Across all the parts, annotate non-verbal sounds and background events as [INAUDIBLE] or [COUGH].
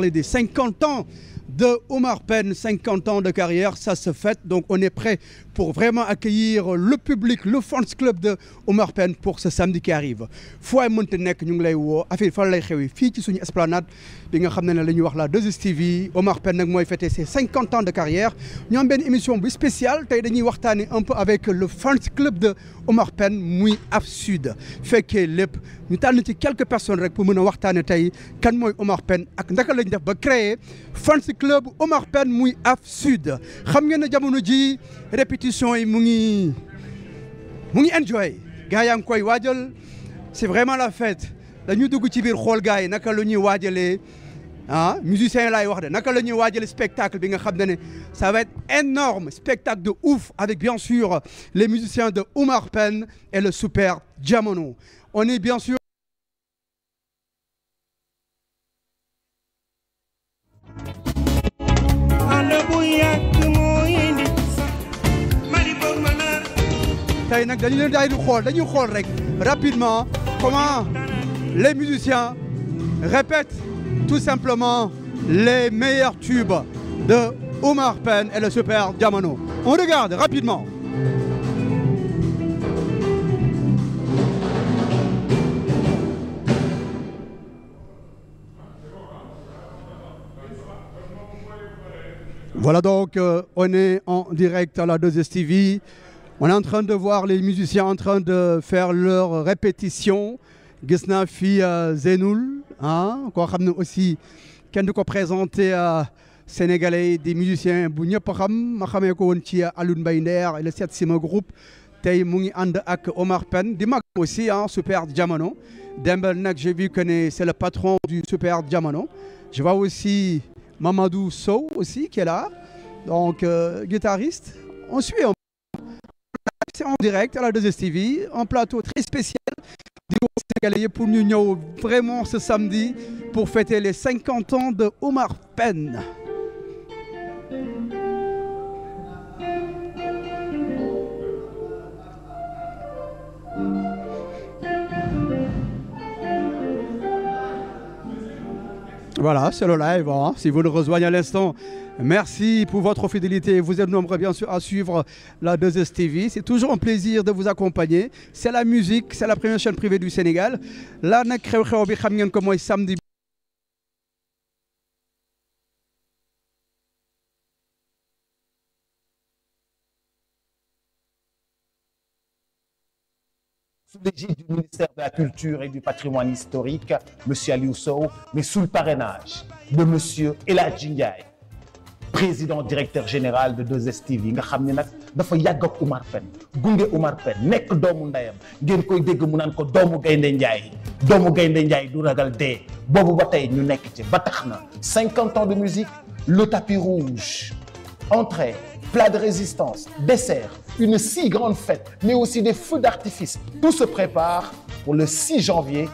parler des 50 ans de Omar Pène, 50 ans de carrière, ça se fête. Donc on est prêt pour vraiment accueillir le public, le fans club de Omar Pène pour ce samedi qui arrive. foo mënta nekk ñu ngi lay woo affaire fan lay xewee fii ci suñu esplanade bi nga xam ne la ñuy wax la 2STV Omar Pène nag mooy fêter ses 50 ans de carrière. ñu am benn émission bu spéciale tey dañuy waxtaanee un peu avec le fans club de Omar Pène muy Af Sud fekkee lépp. ñu tànn ci quelques personnes rek pour mën a waxtaane tey kan mooy Omar pen ak ndaka lañ def ba créer fans club Omar pen muy af sud xam ngeen ne jamono ji répétition yi mu ngi mu ngi enjoy gars yaa ngi koy waajal c'est vraiment la fête dañu dugg ci biir xool gars yi naka la ñuy waajalee ah musiciens yi laay wax de naka la ñuy waajale spectacle bi nga xam ne ne ça va être énorme spectacle de ouf avec bien sûr les musiciens de Omar Pène et le Super Diamono on est bien sûr tey nag dañu xool dañuy xool rek rapidement comment les musiciens répètent tout simplement les meilleurs tubes de Omar Pène et le Super Diamano. On regarde rapidement. Voilà donc, euh, on est en direct à la 2STV. on est en train de voir les musiciens en train de faire leur répétition gis naa fi euh, Zenoul ah koo xam ne aussi kenn du ko présenté euh, sénégalais des musiciens bu ñëpp xam ma xamee ko woon ci euh, Alioune Mbaye Nder et le Sept Sima Group tey mu ngi ànd ak Omar Pène di mag aussi ah Super Jamono démb nag j'ai vu que ne c'est le patron du Super Jamono je vois aussi Mamadou Sow aussi qui là donc guitariste on suit c'est en direct à la 2STV un plateau très spécial di pour ñu ñëw vraiment ce samedi pour fêter les cinquante ans de Omar Pène Voilà, si vous le rejoignez à l'instant Merci pour votre fidélité. Vous êtes nombreux, bien sûr, à suivre la 2S TV. C'est toujours un plaisir de vous accompagner. C'est la musique, c'est la première chaîne privée du Sénégal. Là, nag xew-xew bi xam ngeen ko mooy samedi. sous l'égide du ministère de la Culture et du Patrimoine historique, monsieur Sow, mais sous le parrainage de monsieur Elhadji président directeur général de 2STV yi nga xam ni nag dafa yàgg ak Umar Pen gunge Umar Pen nekk doomu ndeyam ngeen koy dégg mu naan ko doomu gaynde Njaay doomu gaynde Njaay du ragal dee boobu ba tey ñu nekk ci ba na cinquante ans de musique le tapis rouge entrée plat de résistance dessert une si grande fête mais aussi des feux d'artifice tout se prépare pour le 6 janvier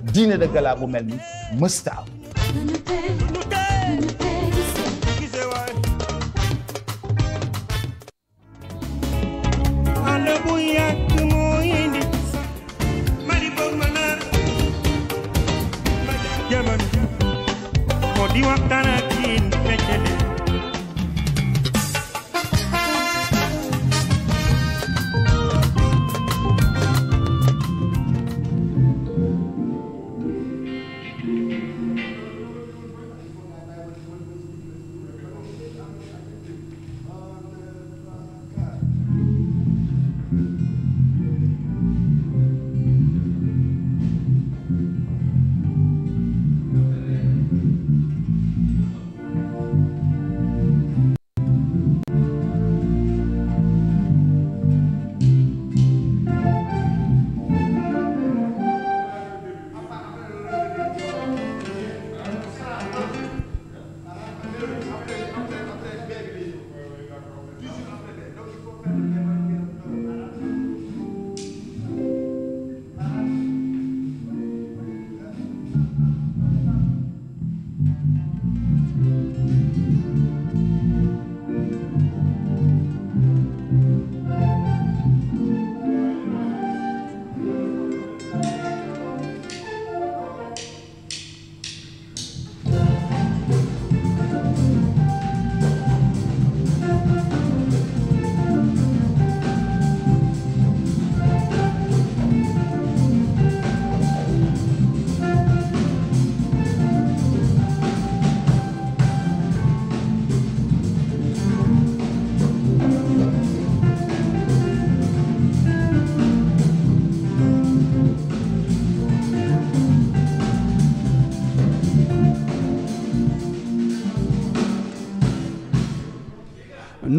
dîner de gala bu mel di waxtaan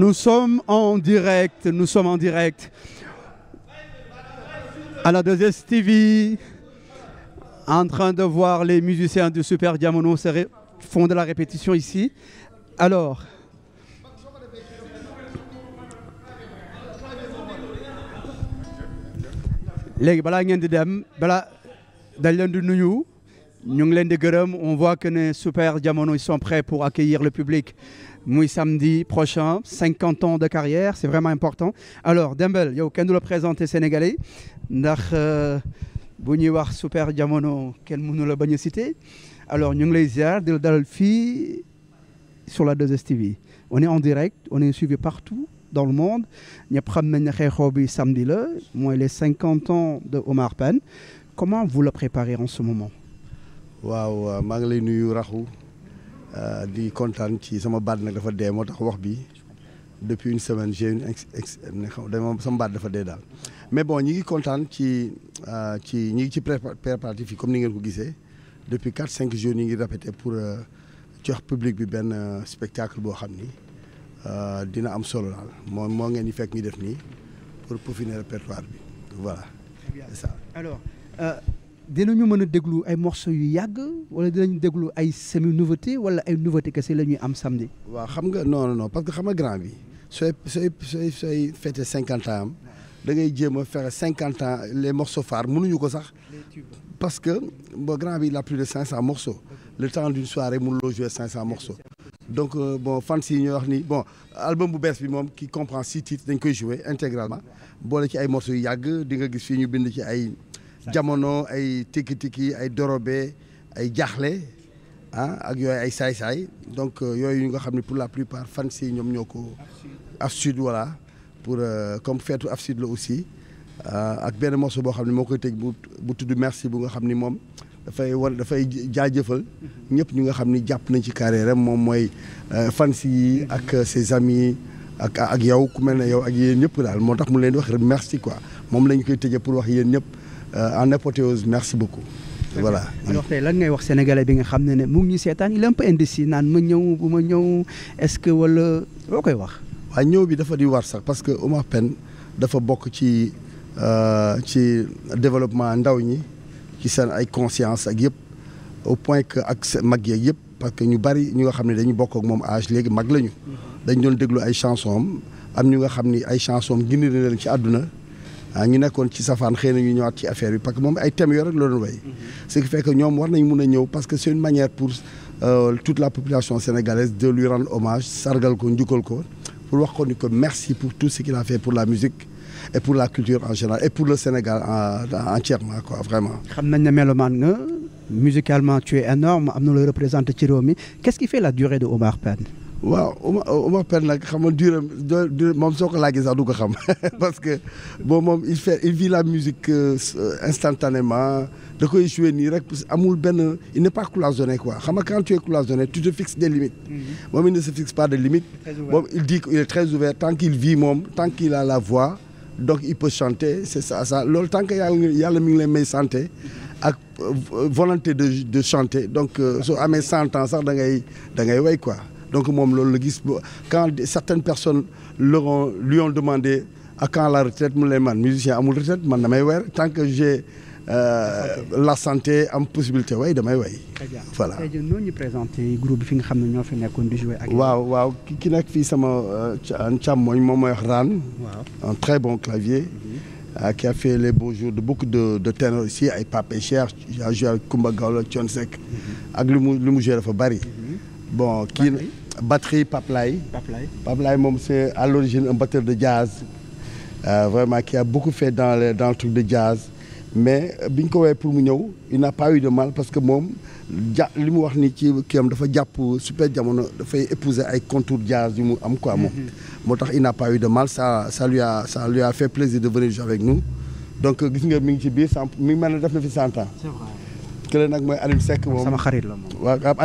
Nous sommes en direct, nous sommes en direct à la 2STV, en train de voir les musiciens du Super Diamono font de la répétition ici. Alors, léegi balaa ngeen di dem balaa dañ leen di nuyu ñu ngi leen di gërëm on voit que ne super jamono ils sont prêts pour accueillir le public muy samedi prochain cinquante ans de carrière c'est vraiment important alors Dembel yow kenn du la présenter Sénégalais ndax euh, bu ñuy wax super jamono kenn mënu la bañ a citer alors ñu ngi lay ziar dalal fii sur la 2STV on est en direct on est suivi partout dans le monde ñëpp xam nañ ne xeexoo bi samedi la mooy les cinquante ans de Omar Pène comment vous le préparez en ce moment waaw maa ngi lay nuyu raxu euh, di kontaan ci sama baat nag dafa dee moo tax wax bi depuis une semaine j'ai une ex ex sama baat dafa dee daal mais bon ñi ngi kontaan ci euh, ci ñi ngi ci préparatif yi comme ni ngeen ko gisee depuis quatre cinq jours ñi ngi répété pour ci euh, wax public bi benn spectacle boo xam ni dina am solo daal moo moo ngeen di fekk ñu def nii pour peaufiner répertoire bi voilà dinañu mën a déglu ay morceaux yu yàgg wala dinañ déglu ay semi nouveauté wala ay nouveauté kese la ñuy am samedi. waaw xam nga non non parce que xam nga grand bi sooy sooy sooy cinquante ans am da ngay jéem a fexe cinquante ans les morceaux phares mënuñu ko sax parce que ba grand bi la a plus de cinq cent morceaux le temps d'une soirée mënuloo jouer cinq cent morceaux. donc euh, fan fans yi ñuy wax ni bon album bu bees bi moom qui comprend six titres dañ koy jouer intégralement boole ci ay morceaux yu yàgg di gis fii ñu bind ci ay. jamono ay tiki tiki ay dorobe ay jaaxle ah ak yooyu ay saay-saay donc euh, yooyu ñu nga xam ne pour la plupart fan si ñoom ñoo ko Afsud voilà pour euh, comme feetu Afsud la aussi euh, ak benn morceau boo xam ne moo koy tëj bu bu tudd merci bu nga xam ni moom dafay war dafay jaajëfal ñëpp ñu nga xam ni jàpp nañ ci carrière am moom mooy fans yi ak ses amis ak ak yow ku mel ne yow ak yéen ñëpp daal moo tax mu leen di wax merci quoi moom lañ koy tëjee pour wax yéen ñëpp Euh, en apothéose merci beaucoup. voilà alors lan ngay wax sénégalais bi nga xam ne ne mu ngi ñu seetaan il est un peu naan ma ñëw bu ma ñëw est-ce que wala loo koy wax. waaw ñëw bi dafa di war sax parce que Omar Pène dafa bokk ci euh, ci développement ndaw ñi ci seen ay conscience ak yëpp au point que ak mag yeeg yëpp parce que ñu bari ñu nga xam ne dañu bokk moom âge léegi mag lañu. Mhm. dañ doon déglu ay chansons am ñu nga xam ni ay chansons am gindi ci àdduna. ah ñu nekkoon ci safaan xëy na ñu ñëwaat ci affaire bi parce que moom ay thèmes yooyu rek la doon mhm. ce qui fait que ñoom war nañ mun a ñëw parce que c'est une manière pour euh, toute la population sénégalaise de lui rendre hommage sargal ko njukkal ko pour wax ko ni ko merci pour tout ce qu'il a fait pour la musique et pour la culture en général et pour le Sénégal en entièrement quoi vraiment. xam nañ ne mélomane nga musicalement tu es énorme am na looy représenté ci réew mi qu'est-ce qui fait la durée de Omar Pène. waaw Omar Omar Pène nag xam nga duram moom soo ko sax du ko xam [LAUGHS] parce que bon moom il fait il vit la musique euh, instantanément da koy jouer nii rek amul benn il n'est pas cloisonné quoi xam nga quand tu es cloisonné tu te fixes des limites. Mhm. moom il ne se fixe pas de limites. moom il dit qu'il est très ouvert tant qu'il vit moom tant qu'il a la voix donc il peut chanter c'est ça ça loolu tant que yàlla yàlla mi ngi leen ak euh, volonté de de chanter donc euh, soo amee cent ans sax da ngay da ngay way quoi. donc moom loolu la gis quand certaines personnes leur lui ont demandé à quand la retraite mu leen man musicien amul retraite man damay weer tant que j'ai euh, la santé am possibilité way damay way voilà tey jii noo bi fi nga xam ne ñoo fi nekkoon di jouer ak waaw ki nekk fii sama euh, càmmooñ moom mooy wax Raan en très bon clavier mhm. euh, qui a fait les beaux jours de beaucoup de de ténors ici ay pa Cheikh a joué avec Koumba Gawlo Thione sek mhm. ak lu mu lu mu joué dafa bari mhm. bon kii batterie Paplay. Paplay Paplay moom c'est à l'origine un batteur de jazz euh, vraiment qui a beaucoup fait dans le dans le de jazz mais bi ñu ko woowee pour mu ñëw il n'a pas eu de mal parce que moom ja li mu wax ni ci kii dafa jàpp super jamono dafay épouser ay contours jazz yu mu am ko moom. Mm-hmm. moo tax il n'a pas eu de mal ça ça lui a ça a fait plaisir de venir jouer avec nous donc euh, gis nga mi ngi ci biir cent mi ngi mel ne def na fi cent ans. c'est mooy Alioune Seck moom sama xarit la moom waaw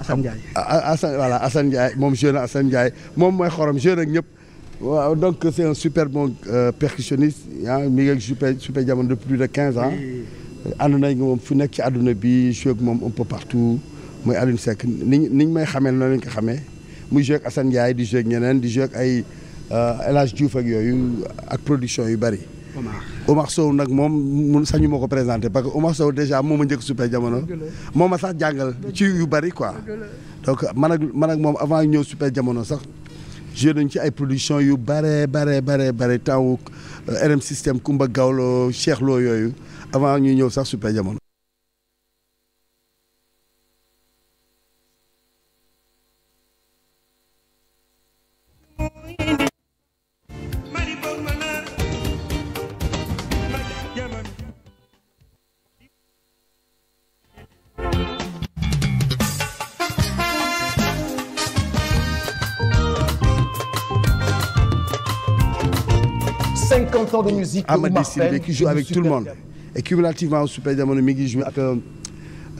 Assane Ndiaye. Ah, ah, Assane voilà Assane Ndiaye moom jeune Assane Ndiaye moom mooy xorom jeune ak ñëpp waaw donc c'est un super bon euh, percussionniste ah, mi ngi ak super jamono de plus de quinze ans. ànd nañ moom fu nekk ci àdduna bi joué moom un peu partout mooy Alioune Seck niñ ñu ni ñu may xamee noonu lañ ko xamee muy joué ak di joué ñeneen di joué ay euh, El Hadj Diouf yooyu ak production yu bari. Omar Sow nag moom mun sañu ma ko présenter parce que Omar Sow déjà moom a njëkk Super Jamono moo ma sax jàngal ci yu bari quoi donc mën ak man ak moom avant ñëw Super Jamono sax joué nañ ci ay production yu bare bare bare bare temps wu euh, RM système Kumba Gawlo Cheikh yooyu avant ñuy ñëw sax Super Jamono aussi que Amady Silbé qui joue avec tout le monde. et cumulativement Super Jamono mi ngi joué ak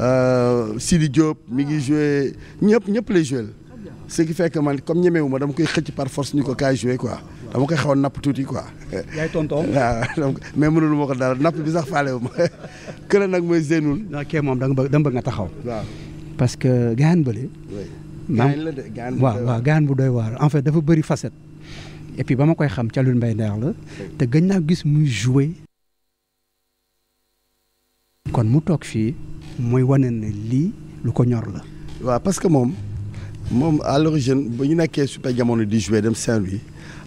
euh, Sidi Diop mi ngi ah. joué ñëpp ñëpp lay joué ce qui fait que man comme ñemewu ma dama koy xëcc par force ñu ko kaay joué quoi dama koy xaw a napp tuuti quoi. yaay tonton [LAUGHS] waaw donc mais mënul ma ko dara napp bi sax faale wu ma [LAUGHS] kële nag mooy Zeynoul. non moom dama bëgg dama bëgg nga taxaw. waaw parce que gaan bële. oui gaan la gaan bu doy waar waaw waaw bu doy waar en fait dafa bëri faset et ba ma koy xam Thialoune mbay neex la te gañ naa gis muy jouer kon mu toog fii mooy wane ne lii lu ko ñor la. waaw parce que moom moom à l'origine bu ñu nekkee super jamono di jouer dem Saint-Louis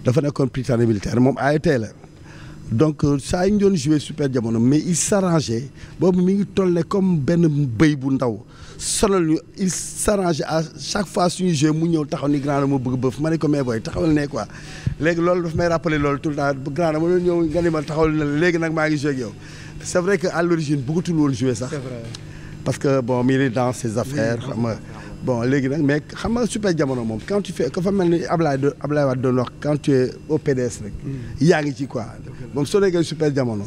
dafa nekkoon prytanée militaire moom AET la donc euh, saa yu ñu doon super jamono mais il s'arrangeait boobu mi ngi toll comme benn béy bu ndaw. solo ñu il s'arrange à chaque fois su suñu jeu mu ñëw taxaw ni grand dama bëgg bëf ma ne ko mais booy taxawal ne quoi léegi loolu daf may rappeler loolu tout le temps grand dama doon ñëw nga ni ma taxawal na léegi nag maa ngi joué ak yow c'est vrai que à l'origine bëggatul woon joué sax parce que bon mi ngi dans ses affaires bon léegi nag mais xam nga super jamono moom quand tu fais ka fa mel ni Ablaye do Ablaye Wade doon wax quand tu es au rek mm. yaa ngi ci quoi moom soo nekkee jamono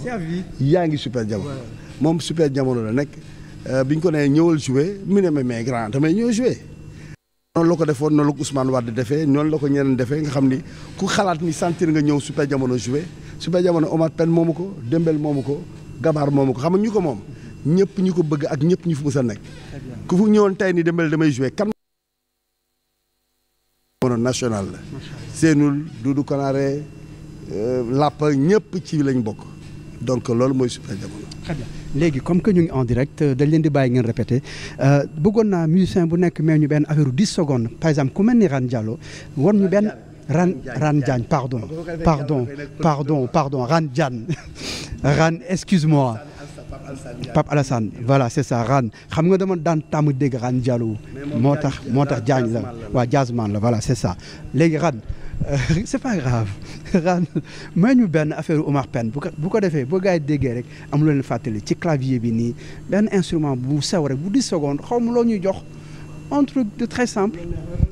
yaa ngi super jamono moom super jamono la nekk Euh, bi ñu ko nee ñëwal joué mu ne ma mais grand damay ñëw joué. noonu la ko defoon noonu la ko Ousmane Wade defee noonu la ko ñeneen defee nga xam ni ku xalaat ni sentir nga ñëw super jamono joué super jamono Omar Pène moomu ko Dembel moomu ko Gabar moomu ko xam nga ñu ko moom. ñëpp ñu ko bëgg ak ñëpp ñu fi mës a nekk. ku fu ñëwoon tey ni Dembel damay joué kan. national la. Seenul Doudou Konaré euh, ñëpp ci lañ bokk donc loolu mooy super léegi comme que ñu ngi en direct euh, dañ leen di bàyyi ngeen répété euh, bëggoon naa musicien bu nekk mais ñu benn affaire dix secondes par exemple ku mel ni Ran jalo won ñu benn Ran Ran Diagne pardon pardon pardon pardon Ran Diagne [LAUGHS] Ran excuse-moi Pape Alassane voilà c'est ça Ran xam nga dama daan tàmm dégg Ran Diallo moo tax moo tax Diagne la waaw jazzman la voilà c'est ça léegi Ran Euh, c'est pas grave [LAUGHS] ran may benn affaire Omar Pène bu ko bu ko yi déggee rek am lu leen fàttali ci clavier bi nii benn instrument bu sew rek bu 10 secondes xaw ma loo ñuy jox un de très simple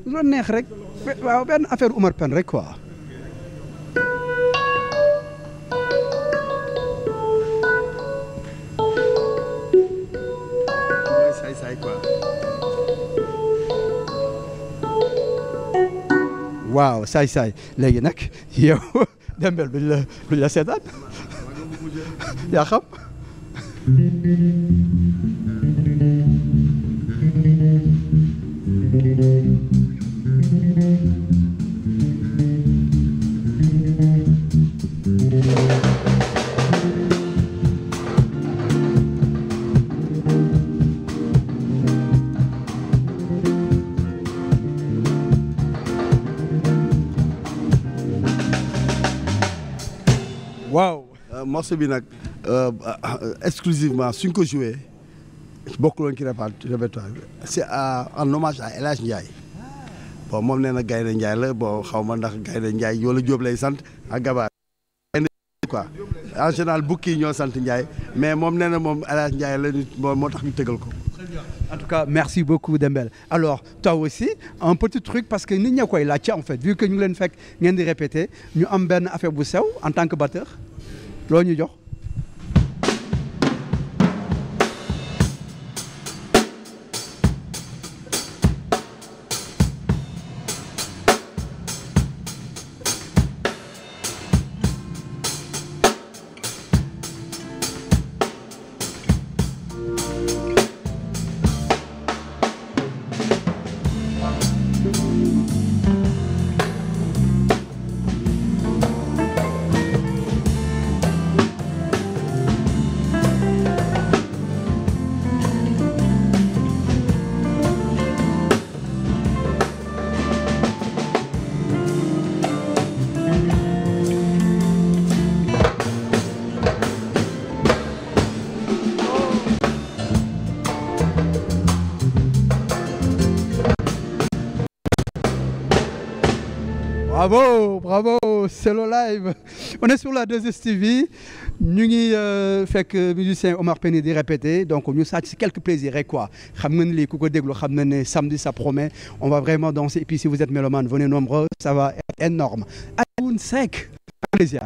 loo neex rek benn affaire Omar Pène rek quoi. say waaw saay saay léegi nag yow [LAUGHS] dembel duñ la duñ la seetaan [LAUGHS] yaa xam waaw euh, morceau bi nag euh, exclusivement suñ ko joué bokk loon ci répertoire bi c'est en hommage à El Hadj Ndiaye bon moom nee Gaynde Ndiaye la bon xaw ma ndax Gaynde Ndiaye yow Jóob lay sant ak gabaar quoi en général bukki ñoo sant Ndiaye mais moom nee na moom El Hadj Ndiaye la nit moo tax ñu tëgal ko En tout cas, merci beaucoup Dembel. Alors, toi aussi, un petit truc parce que ni ñi koy laajte en fait, vu que ñu leen fekk ngeen di répéter, ñu am benn affaire bu sew en tant que batteur. Loo ñu jox bravo c'est le live [LAUGHS] on est sur la 2STV ñu ngi euh, fekk musicien Omar Pène di donc ñu sàcc si quelques plaisirs rek quoi xam nga ni lii ku ko déglu xam na ne samedi ça promet on va vraiment danser et puis si vous êtes mélomane venez nombreux ça va être énorme Alioune Seck plaisir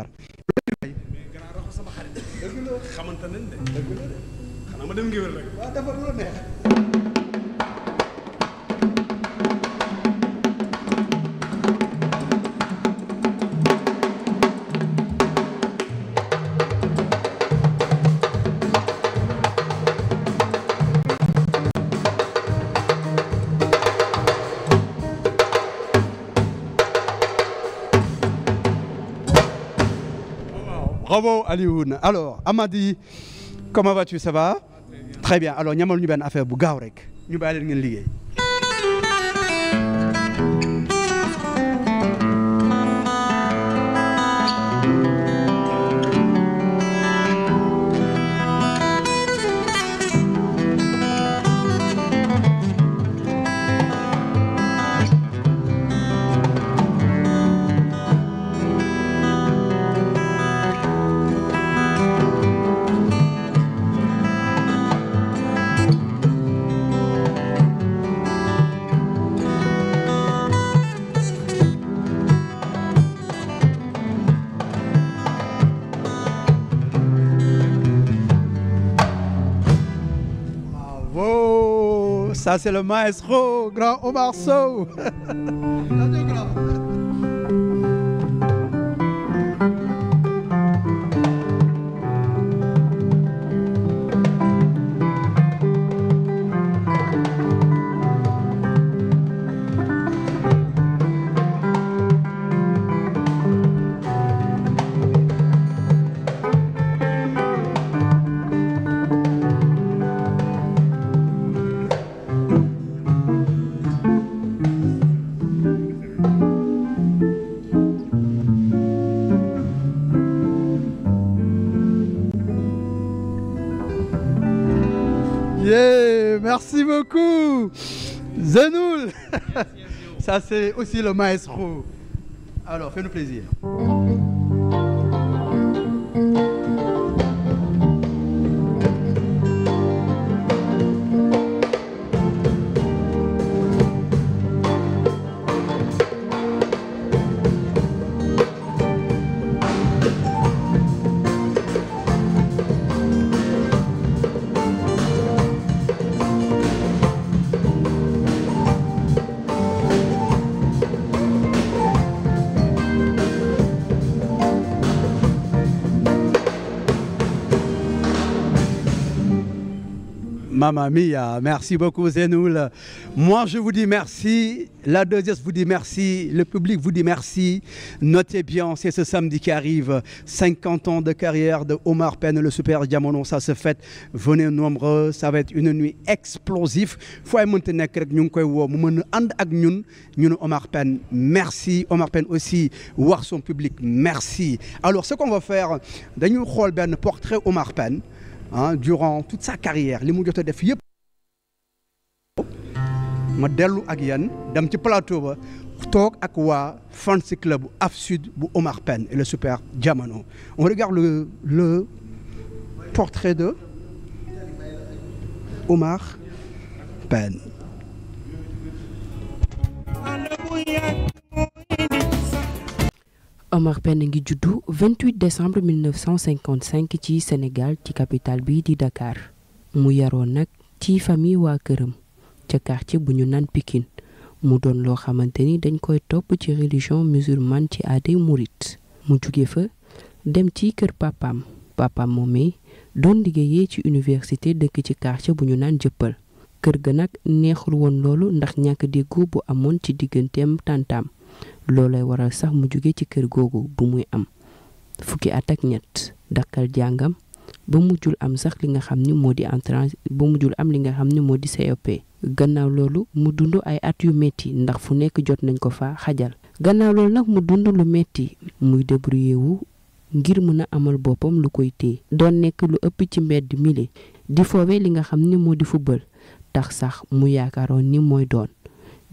xamante nañ de xanaa ma dem ngi wér rek bravo Alioune alors Amady comment vas-tu ça va. très bien alors ñamal ñu benn affaire bu gaaw rek ñu bàyyi leen ngeen liggéey. Ça, c'est le maestro, grand Omar Sow. [LAUGHS] beaucoup. Zenoul. [LAUGHS] Ça, c'est aussi le maestro. Alors, fais-nous plaisir. Mamma Mia. Merci beaucoup Zenoul. Moi je vous dis merci, la 2S vous dit merci, le public vous dit merci. Notez bien, c'est ce samedi qui arrive, ans de carrière de Omar Pène, le super jamono, ça se fête. Venez nombreux, ça va être une nuit explosive. Foo ay mënta nekk rek ñu ngi koy woo mu mën ànd ak ñun ñu ne Omar Pène merci Omar Pène aussi wax son public merci. Alors ce qu'on va faire dañuy xool benn portrait Omar Pène. ah durant toute sa carrière li mu jot def yëpp. ma dellu ak yan dem ci plateau ba toog ak waa fans club Af Sud bu Omar Pène et le super Diamano on regarde le le portrait de Omar Pène. Omar Pène ngi juddu 28 décembre 1955 ci Sénégal ci capital bi di Dakar mu yaroon nag ci famille waa këram ca quartier bu ñu naan Pikine mu doon loo xamante ni dañ koy topp ci religion musulmane ci aaday murit mu juge fa dem ci kër papaam papaam moomee doon liggéeyee ci université dëkk ci quartier bu ñu naan jëppal kër ga nag neexul woon loolu ndax ñàkk déggoo bu amoon ci digganteem tàntaam loolay waral sax mu jóge ci kër googu bu muy am fukki at ak ñett dakkal jàngam ba mujjul am sax li nga xam ni moo di entrance ba mujjul am li nga xam ni moo di COP gannaaw loolu mu dund ay at yu metti ndax fu nekk jot nañ ko fa xajal gannaaw loolu nag mu dund lu metti muy débrouillé wu ngir mën a amal boppam lu koy téye doon nekk lu ëpp ci mbedd mile di foowee li nga xam ni moo di football tax sax mu yaakaaroon ni mooy doon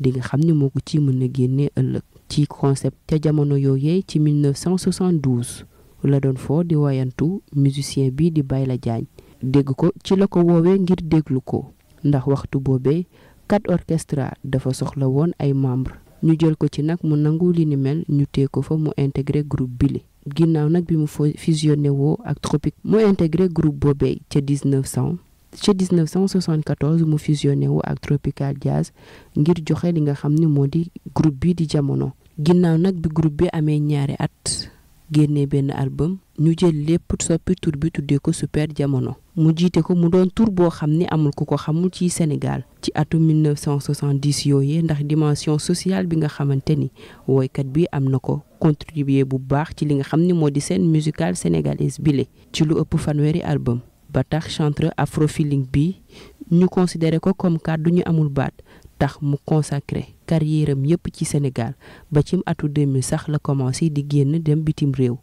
li nga xam ni moo ko mën a génnee ëllëg ci concept ca jamono yooyee ci 1972 la doon foo di wayantu musicien bi di la Diagne dégg ko ci la ko woowee ngir déglu ko ndax waxtu boobee quatre orchestra dafa soxla woon ay membres ñu jël ko ci nag mu nangu li ni mel ñu tee ko fa mu intégré groupe bile ginnaaw nag bi mu fusionné woo ak Tropique mu intégré group boobee ca 1900 ci 1974 mu fusionné wu ak Tropical Jazz ngir joxe li nga xam ne moo di groupe bi di jamono ginnaaw nag bi groupe bi amee ñaari at génnee benn album ñu jël lépp soppi tur bi tuddee ko super jamono mu jiite ko mu doon tur boo xam ni amul ku ko xamul ci Sénégal ci atum 1970 yooyee ndax dimension sociale bi nga xamante ni woykat bi am na ko contribuer bu baax ci li nga xam ni moo di seen musicale sénégalaise bile ci lu ëpp fanweeri album ba tax chanteur afrofeeling bi ñu considéré ko comme kàddu ñu amul baat tax mu consacré carrière am yépp ci Sénégal ba cim atu 2000 sax la commencé di génn dem bitim réew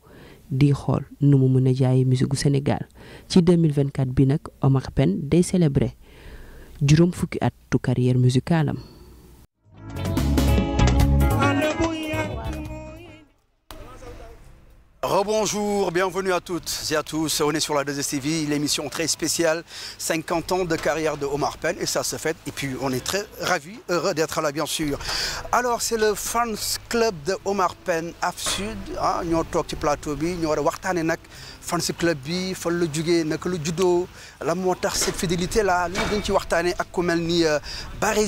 di xool nu mu mën a jaaye musigu Sénégal ci 2024 bi nag Omar Pène day célébré juróom fukki atu carrière musicale Rebonjour, bienvenue à toutes et à tous. On est sur la 2STV, l'émission très spéciale, 50 ans de carrière de Omar Penn et ça se fait. Et puis on est très ravis, heureux d'être là bien sûr. Alors c'est le fans club de Omar Penn, AF Sud, ah ñoo toog ci plateau bi ñu waxtaanee nag. fans club bi fan la jugee naka lu juddoo la moo tax cette fidélité là li dañ ci waxtaanee ak ku mel ni euh,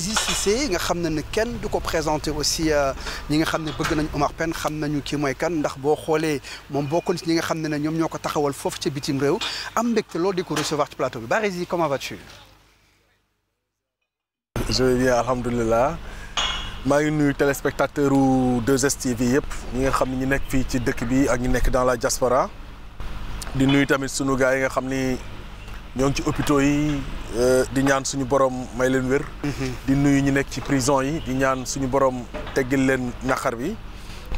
si Cissé nga xam ne ne kenn du ko présenté aussi euh, ñi nga xam ne bëgg nañ Omar Pène xam nañu kii mooy kan ndax boo xoolee moom bokkoon ñi nga xam ne ne ñoom ñoo ko taxawal foofu ca bitim réew am mbégte loolu di ko recevoir ci plateau bi Barezi comment vas-tu? je vais bien maa ngi nuyu téléspectateur u 2STV yëpp ñi nga xam ne ñu nekk fii ci dëkk bi ak ñu nekk dans la diaspora di nuyu tamit sunu gars yi nga xam ni ñoo ngi ci hôpitaux yi euh, di ñaan suñu borom may leen wér. Mhm. di nuyu ñu nekk ci prison yi di ñaan suñu borom teggil leen naqar bi.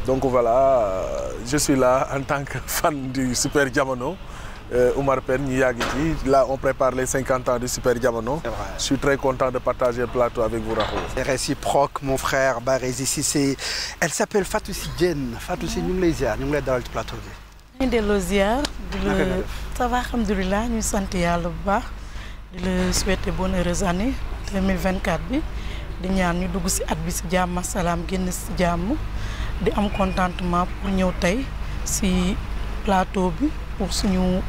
donc voilà je suis là en tant que fan du Super Diamono euh, Oumar Pène ñu yàgg ci là on prépare les cinquante ans du Super Diamono. je suis très content de partager le plateau avec vous Rakhou. c'est réciproque mon frère Barre Cissé elle s'appelle Fatou Sy Diène Fatou si ñu ah. ngi lay ziar ñu ngi lay dalal ci plateau bi. ñu delloo ziar. di la ça va ñuy sant yàlla bu baax. di la souhaiter bonne heureuse année 2024 bi di ñaan ñu dugg ci at bi ci jàmm asalaam génn ci jàmm di am contentement pour ñëw tey ci plateau bi pour suñu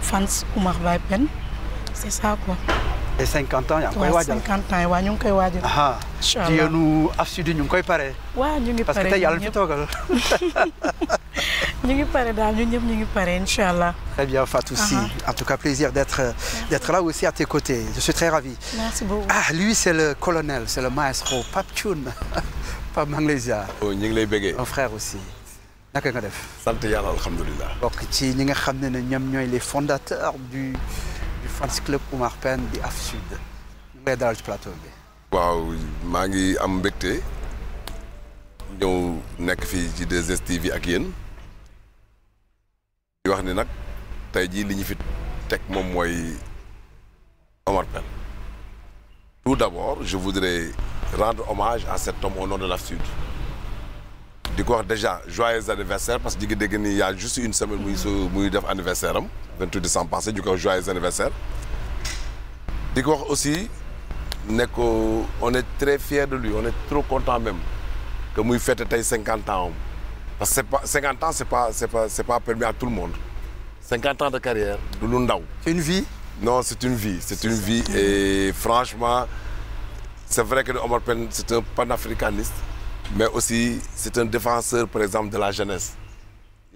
fans Oumar Baye Pène c'est ça et 50 ans yaa ngi koy waajal waaw 50 ans yi waaw ñu ngi koy waajal. incha allah ci yéenu Afsud ñu ngi koy pare. waaw ñu ngi pare parce que tey yàlla fi toogal. [LAUGHS] [LAUGHS] ñu ngi pare daal ñun ñëpp ñu ngi pare incha allah. très bien Fatou Sy en tout cas plaisir d'être d'être là aussi à tes côtés je suis très ravi. merci beaucoup ah lui c'est le colonel c'est le maestro Pape Thioune [LAUGHS] Pape maa ngi lay ziar. ñu ngi lay bëggee. mon frère aussi. naka nga def. sant yàlla alhamdulilah. bokk ci ñi nga xam ne ne ñoom ñooy les fondateurs du. fans club Oumar Pène di af sud ñu ngay dalal ci bi waaw maa ngi am mbégte ñëw nekk fii ci 2STV ak yéen di wax ni nag tey jii li ñu fi teg moom mooy Oumar Pène tout d'abord je voudrais rendre hommage à cet homme au nom de l'AFSUD di ko wax déjà joyeux anniversaire parce que ñu ngi dégg nii y juste une semaine muy su muy def anniversaire am 28 décembre passé di ko wax aussi nekk ko on est très fier de lui on est trop content même que muy fête tey cinquante ans am parce que c'est pas cinquante ans c'est pas c'est pas c'est pas permis à tout le monde ans de carrière du lu ndaw c'est une vie non c'est une vie c'est et franchement c'est vrai que Omar Pène c'est un panafricaniste mais aussi c'est un défenseur par exemple de la jeunesse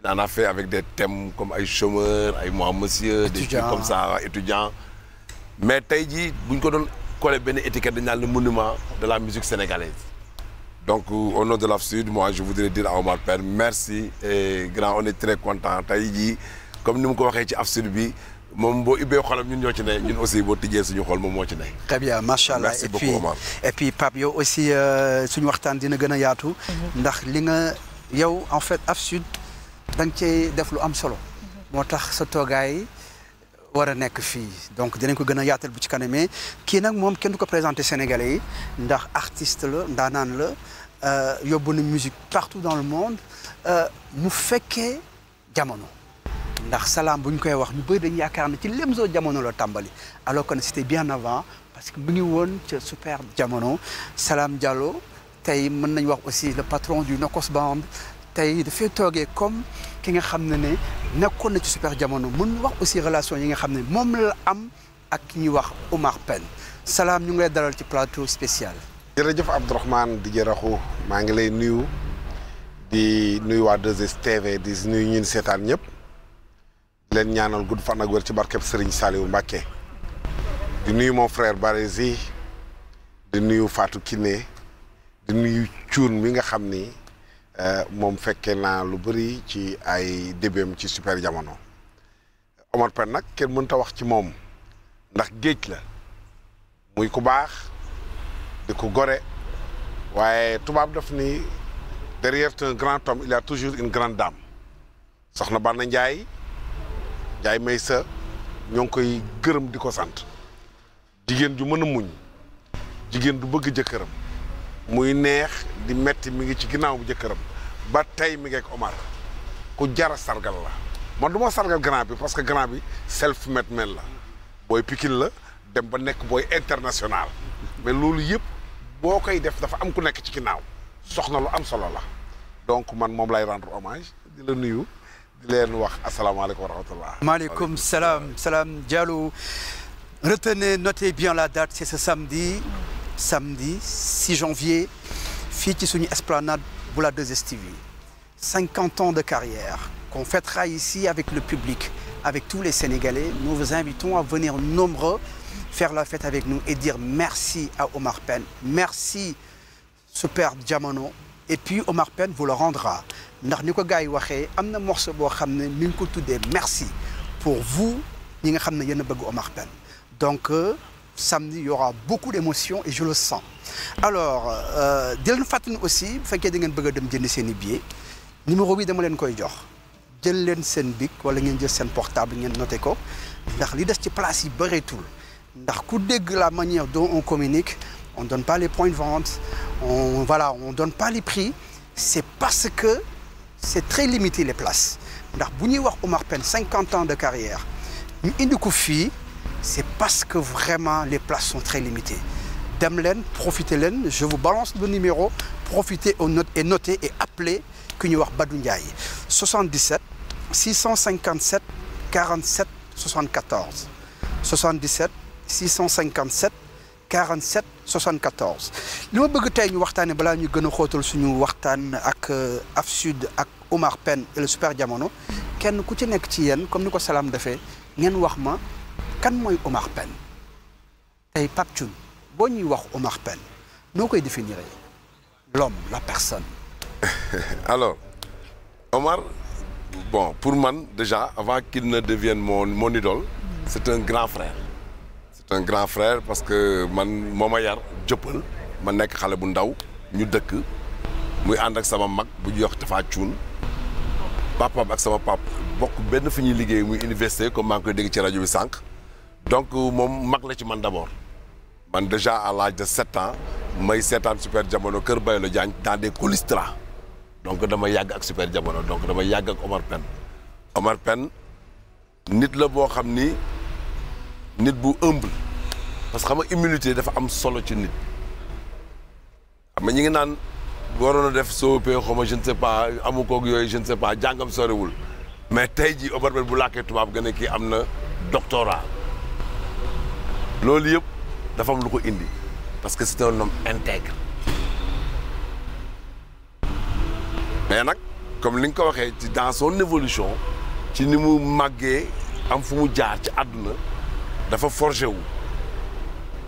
il en a fait avec des thèmes comme ay chômeurs ay mois monsieur étudiant. des trucs comme étudiants mais tey jii bu ñu ko doon collé benn étiquette dañ naan le monument de la musique sénégalaise donc au nom de l'AFSUD moi je voudrais dire à Omar Pène merci et grand on très content tey jii comme ni mu ko waxee ci AFSUD bi moom boo ubbee xolam ñun ñoo ci ne ñun aussi boo tijjee suñu xol moom moo ci ne. très bien macha allah merci beaucoup yow aussi euh, suñu waxtaan dina gën a yaatu. Mhm. ndax li nga yow en fait Afsud da nga cee def lu am solo. Mhm. moo tax sa toogaay war a nekk fii donc dinañ ko gën a yaatal bu ci kanamee kii nag moom kenn du ko présenté Sénégalais yi ndax artiste la ndaanaan la euh, yóbbu na musique partout dans le monde euh, mu fekkee jamono. ndax salaam bu ñu koy wax ñu bëri dañu yaakaar na ci Lemzo jamono la tàmbali alors que c'était bien avant parce que mu ngi woon ca super jamono salaam Diallo tey mën nañu wax aussi le patron du Nokos Band tey dafay toogee comme ki nga xam ne ne nekkoon na ci super jamono mën wax aussi relation yi nga xam ne moom la am ak ki ñuy wax Omar Pène salaam ñu ngi lay dalal ci plateau spécial. jërëjëf Abdourahmane di jërëxu maa ngi lay nuyu di nuyu waa 2STV di nuyu ñun seetaan ñëpp. di leen ñaanal gudd fan ak wér ci barkeb Serigne Saliou Mbacké di nuyu mon frère Barézy di nuyu faatu Kiné di nuyu cuun mi nga xam ni euh, moom fekkee naa lu bari ci ay débéem ci super jamono Omar Pène nag kenn mënta wax ci moom ndax géej la muy ku baax di ku gore waaye tubaab daf ni derrière un grand homme il y a toujours une grande dame soxna Banna Ndiaye Njaay may sa ñoo ngi koy gërëm di ko sant jigéen ju mën a muñ jigéen du bëgg jëkkëram muy neex di metti mi ngi ci ginnaaw bu jëkkëram ba tey mi ngi ak Omar ku jara sargal la man du ma sargal grand bi parce que grand bi self made man la booy Pikine la dem ba nekk booy international mais loolu yëpp boo koy def dafa am ku nekk ci ginnaaw soxna lu am solo la donc man moom lay rendre hommage di la nuyu di leen wax asalaamaaleykum wa rahmatullah. maaleykum salaam salaam retenez notez bien la date c'est ce samedi janvier fii ci suñu esplanade bu des 2STV ans de carrière qu'on fêtera ici avec le public avec tous les Sénégalais nous vous invitons à venir nombreux faire la fête avec nous et dire merci à Omar Pène merci Super Diamono et puis Omar Pène vous le rendra ndax ni ko gars yi waxee am na morceau boo xam ne mi ngi ko tuddee merci pour vous ñi nga xam ne yéen bëgg Omar Pène donc euh, samedi il y aura beaucoup d'émotions et je le sens alors euh, di leen fàttali aussi bu fekkee da ngeen bëgg a dem jënd seen i billets numéro bi dama leen koy jox jël leen seen bic wala ngeen jël seen portable ngeen noté ko ndax li des ci place yi bëreetul ndax ku dégg la manière dont on communique on ne donne pas les voilà, on donne pas les prix, parce que c'est très limité les places ndax bu ñuy wax Omar Pène cinquante ans de carrière ñu indi ko fii c'est parce que vraiment les places sont très limitées dem leen profiter leen je vous balance le numéro profitez au note et et appelez ku ñuy wax Badou Ndiaye 77 657 47 74 77 657 47 74 li ma bëgg tey ñu waxtaanee balaa ñu gën a xóotal suñu waxtaan ak euh, AFSUD ak Omar Pène et le Super Diamono kenn ku ci nekk ci yéen comme ni ko salaam defee ngeen wax ma kan mooy Omar Pène tey Pape Thioune boo ñuy wax Omar Pène noo koy définir l'homme la personne. [LAUGHS] alors Omar bon pour man déjà avant qu'il ne devienne mon mon idole c'est un grand frère. c'est un grand frère parce que man moo ma yar jëppal ma nekk xale bu ndaw ñu dëkk muy ànd ak sama mag bu ñuy wax Tafa Cuun papaam ak sama pap bokk benn fi ñuy liggéey muy université comme maa ngi koy dégg ci rajo bi sànq donc moom mag la ci man d'abord man déjà à l'âge de sept ans may seetaan super jamono Kër Baylo Diagne dans des donc dama yàgg ak super jamono donc dama yàgg ak Omar Pène Omar Pène nit la boo xam ni nit bu humble parce que xam nga humilité dafa am solo ci nit xam nga ngi naan waroon a def soo pee xaw ma je pas amu koog yooyu je ne sais pas jàngam sorewul mais tey jii Omar Ben bu làkkee tubaab gën a kii am na doctorat loolu yëpp dafa am lu ko indi parce que c'est un homme intègre mais nag comme liñ ko waxee ci dans son évolution ci ni mu màggee am fu mu jaar ci àdduna dafa forgé wu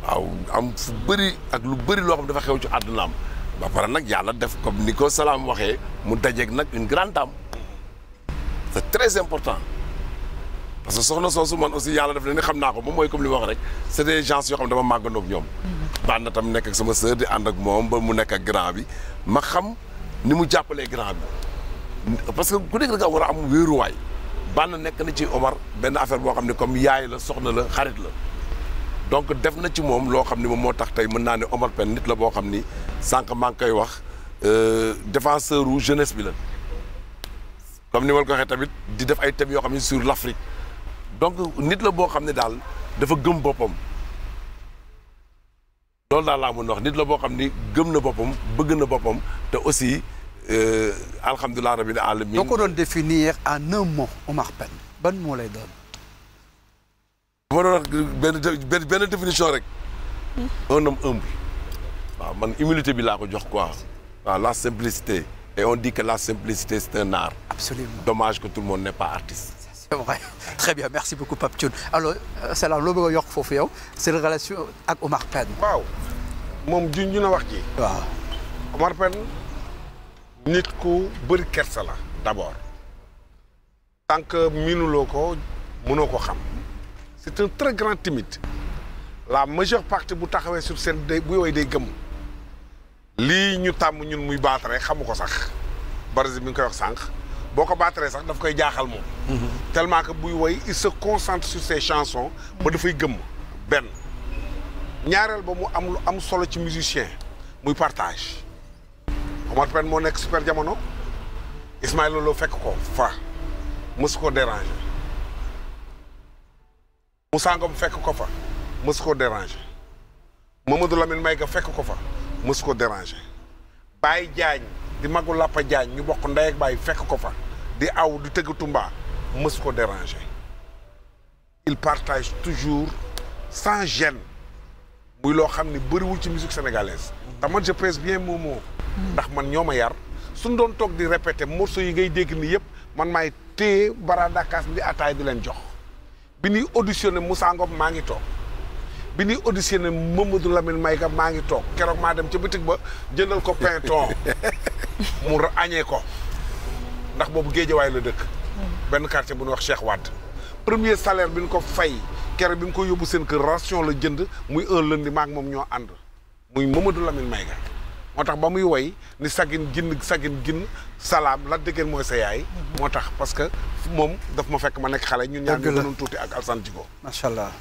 waaw am fu bëri ak lu bëri loo xam dafa xew ci àddunaam ba pare nag yàlla def kom ni ko salaam waxee mu dajeeg nag une grande dame c'est très important parce que soxna soosu man aussi yàlla def na ni xam naa ko moom mooy comme li wax rek c'est des gens yoo xam dama màggandoog ñoom. baax na tam nekk sama sœur di ànd ak moom ba mu nekk ak grand bi ma xam ni mu jàppalee grand bi parce que ku nekk da nga war a am wéeruwaay. bànn nekk na ci Omar benn affaire boo xam ne comme yaay la soxna la xarit la donc def na ci moom loo xam ne moom moo tax tey mën naa ne Omar Pène nit la boo xam ni sànq maa ngi koy wax euh, défenseur u jeunesse bi la comme ni ma la ko waxee tamit di def ay thèmes yoo xam ne sur l'Afrique donc nit la boo xam ne daal dafa gëm boppam loolu daal laa mën wax nit la boo xam ni gëm na boppam bëgg na boppam te aussi Euh, alhamdulilah rabbil alamin boo ko doon définir en un mot Omar Pène ban moo lay doon. benn benn rek. Hmm. un homme humble. waaw man humilité bi laa ko jox quoi. waaw la simplicité. et on dit que la simplicité c'est un art. absolument dommage que tout le monde n'est pas artiste. c'est [LAUGHS] très bien merci beaucoup Pape Thioune alors euh, Salam loo bëgg a yokk foofu yow seen relation ak Omar Pène. waaw moom junj na wax ji. waaw Omar Pène. nit ku bëri kersa la d'abord tant que miinuloo ko mënoo ko xam c'est un très grand timide la majeure partie bu taxawee sur scène day bu yooyu day gëm lii ñu tàmm ñun muy baataree xamu ko sax Barzi mi ngi koy wax sànq boo ko baataree sax daf koy jaaxal moom mm-hmm. tellement que buy woy il se concentre sur ses chansons ba dafay gëmm benn ñaareel ba mu am lu am solo ci musicien muy partage Omar Pène moo nekk super jamono Ismaïla fekk ko fa mës ko déranger Moussa Ngom fekk ko fa mës ko déranger Mamadou may Maïga fekk ko fa mës ko déranger Baye Diagne di magu Lapa Diagne ñu bokk ndey ak fekk ko fa di aw di tëgg tumbaa mës ko déranger il partage toujours sans gêne muy loo xam ne bëriwul ci musique sénégalaise. dama man je bien mon mot. ndax man ñoo ma yar. suñ doon toog di répéter morceaux yi ngay dégg ni yëpp man maa maay téye baradakaas di ataay di leen jox. bi nuy auditionné Moussa Ngom maa ngi toog. bi ñuy auditionné Mamadou Lamine Mayga maa ngi toog keroog maa dem ca bitig ba jëndal ko pinton [LAUGHS] mu añee ko ndax boobu géejawaay la dëkk. Hmm. benn quartier bu nu wax Cheikh Wade. premier salaire bi nu ko fay. kere bi mu koy yóbbu seen kër ration la jënd muy un lundi maak moom ñoo ànd muy Mamadou Lamine Mayga moo tax ba muy woy ni sagin ginn sagin ginn salaam la dëggeen mooy sa yaay moo tax parce que moom daf ma fekk ma nekk xale ñun ñaar ñu mënoon tuuti ak Alsane Djigo macha allah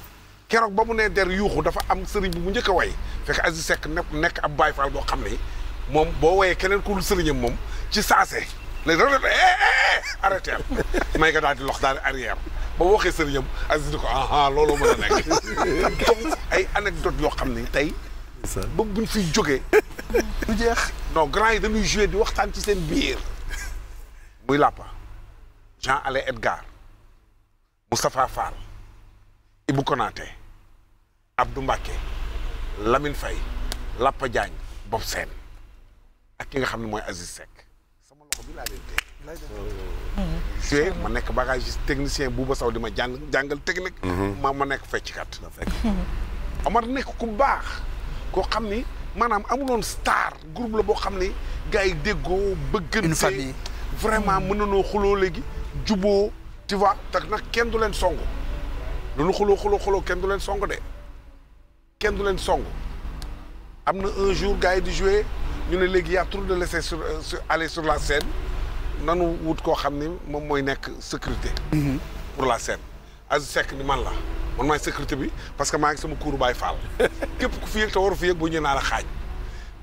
keroog ba mu nee der yuuxu dafa am sëriñ bi mu njëkk a way fekk Aziz Seck nekk ab Baye Fall boo xam ne moom boo woyee keneen ku dul sëriñam moom ci saase lay arrêté may nga daal di lox daal di ba waxee sëriñam Aziz di ko ah, ah looloo mën a nekk donc [LAUGHS] ay anecdote yoo xam ni tey ba buñ fiy jógee du jeex grand yi dañuy joué di waxtaan ci seen biir muy làppa Jean Alain Edgar Moustapha Fall Ibou Konaté Abdou Mbacké Lamine Faye Lappa Diagne Bob Sène ak ki nga xam ne mooy Aziz Seck loxo bi laa joué ma nekk bagagiste technicien buuba saw di ma jàng jàngal technique mhm. ma ma nekk kat fecckat mhm. Omar nekk ku baax koo xam ni maanaam amuloon star groupe la boo xam ni gars yi déggoo bëggante vraiment mhm. mën noo xuloo léegi juboo tu vois tax nag kenn du leen song loolu xuloo xuloo xuloo kenn du leen song de kenn du leen song am na un jour gars yi di joué ñu ne léegi y a trop de laisser sur euh, aller sur la scène nanu wut koo xam ni moom mooy nekk sécurité. Mhm. pour la scène. a Seck ni man la man maay sécurité bi parce que maa ngi sama kuuru Baay Faal [LAUGHS] képp ku fi ta te waru fi yëg bu ñu naan a xaaj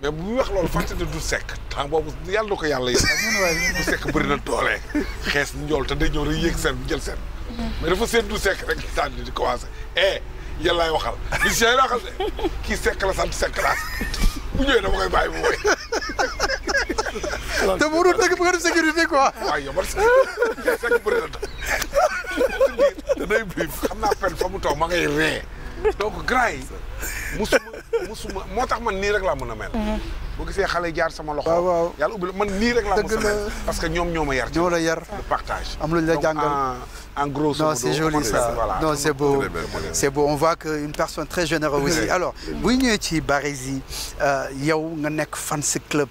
mais bu ñu wax loolu fàttali du Seck temps boobu yàlla na ko yàlla yëg [LAUGHS] du Seck bëri na doole xees njool ta day ñëw rek yéeg seen bu jël seen mhm. mais dafa seen du Seck rek daal di commencé eh yàlla laay waxal musicien yi la waxal de kii sekk la sant sekk laa bu ñëwee dama koy bàyyi mu woy te bu dul dëgg bu nga def sécurité quoi. waaw yow man sekk bëri na [LAUGHS] da day xam naa pen fa mu taw ma ngay ree donc gars yi musuma musuma moo tax man nii rek laa mën a mel. Mm-hmm. boo gisee xale jaar sama loxo. waaw waaw yàlla ubbi la man rek laa mën parce que ñoom ñoo ma yar. ñoo la yar le partage. am lu ñu la jàngal en gros. non c'est beau c'est beau on voit que une personne très généreuse aussi alors bu ñëwee ci Bargny euh, yow nga nekk fan si club.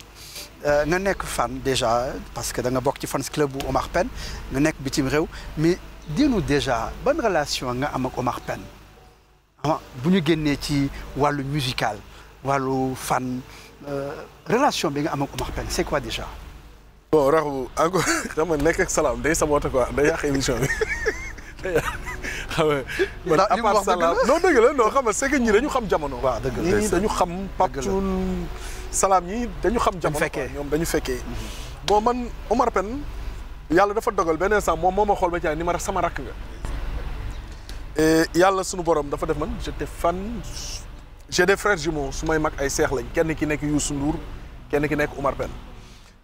Euh, nga nekk fan déjà parce que da nga bokk ci fans club bu Omar Pène nga nekk bitim réew mais dis-nous déjà bonne relation nga am ak Omar Pène. bu ñu génnee ci wàllu musical wàllu fan euh, relation bi nga am ak Omar Pène c'est quoi déjà. bon Rakhou encore xam [LAUGHS] nga nekk ak salaam day saboote quoi day yàq émission bi [LAUGHS] xam nga. à part salaam non dëgg la non xam nga c'est que ñii dañu xam jamono. waaw dëgg la dañu xam Pape salaam ñii dañu xam. jamono fekkee ñoom dañu fekkee. Mhm. bon man Omar Pène yàlla dafa dogal benn instant moom a xool ba ci ni ma sama rakk nga. et yàlla sunu borom dafa def man j'étais fan j'ai des frères jumeaux su may mag ay seex lañ kenn ki nekk Youssou Ndour kenn ki nekk umar Pène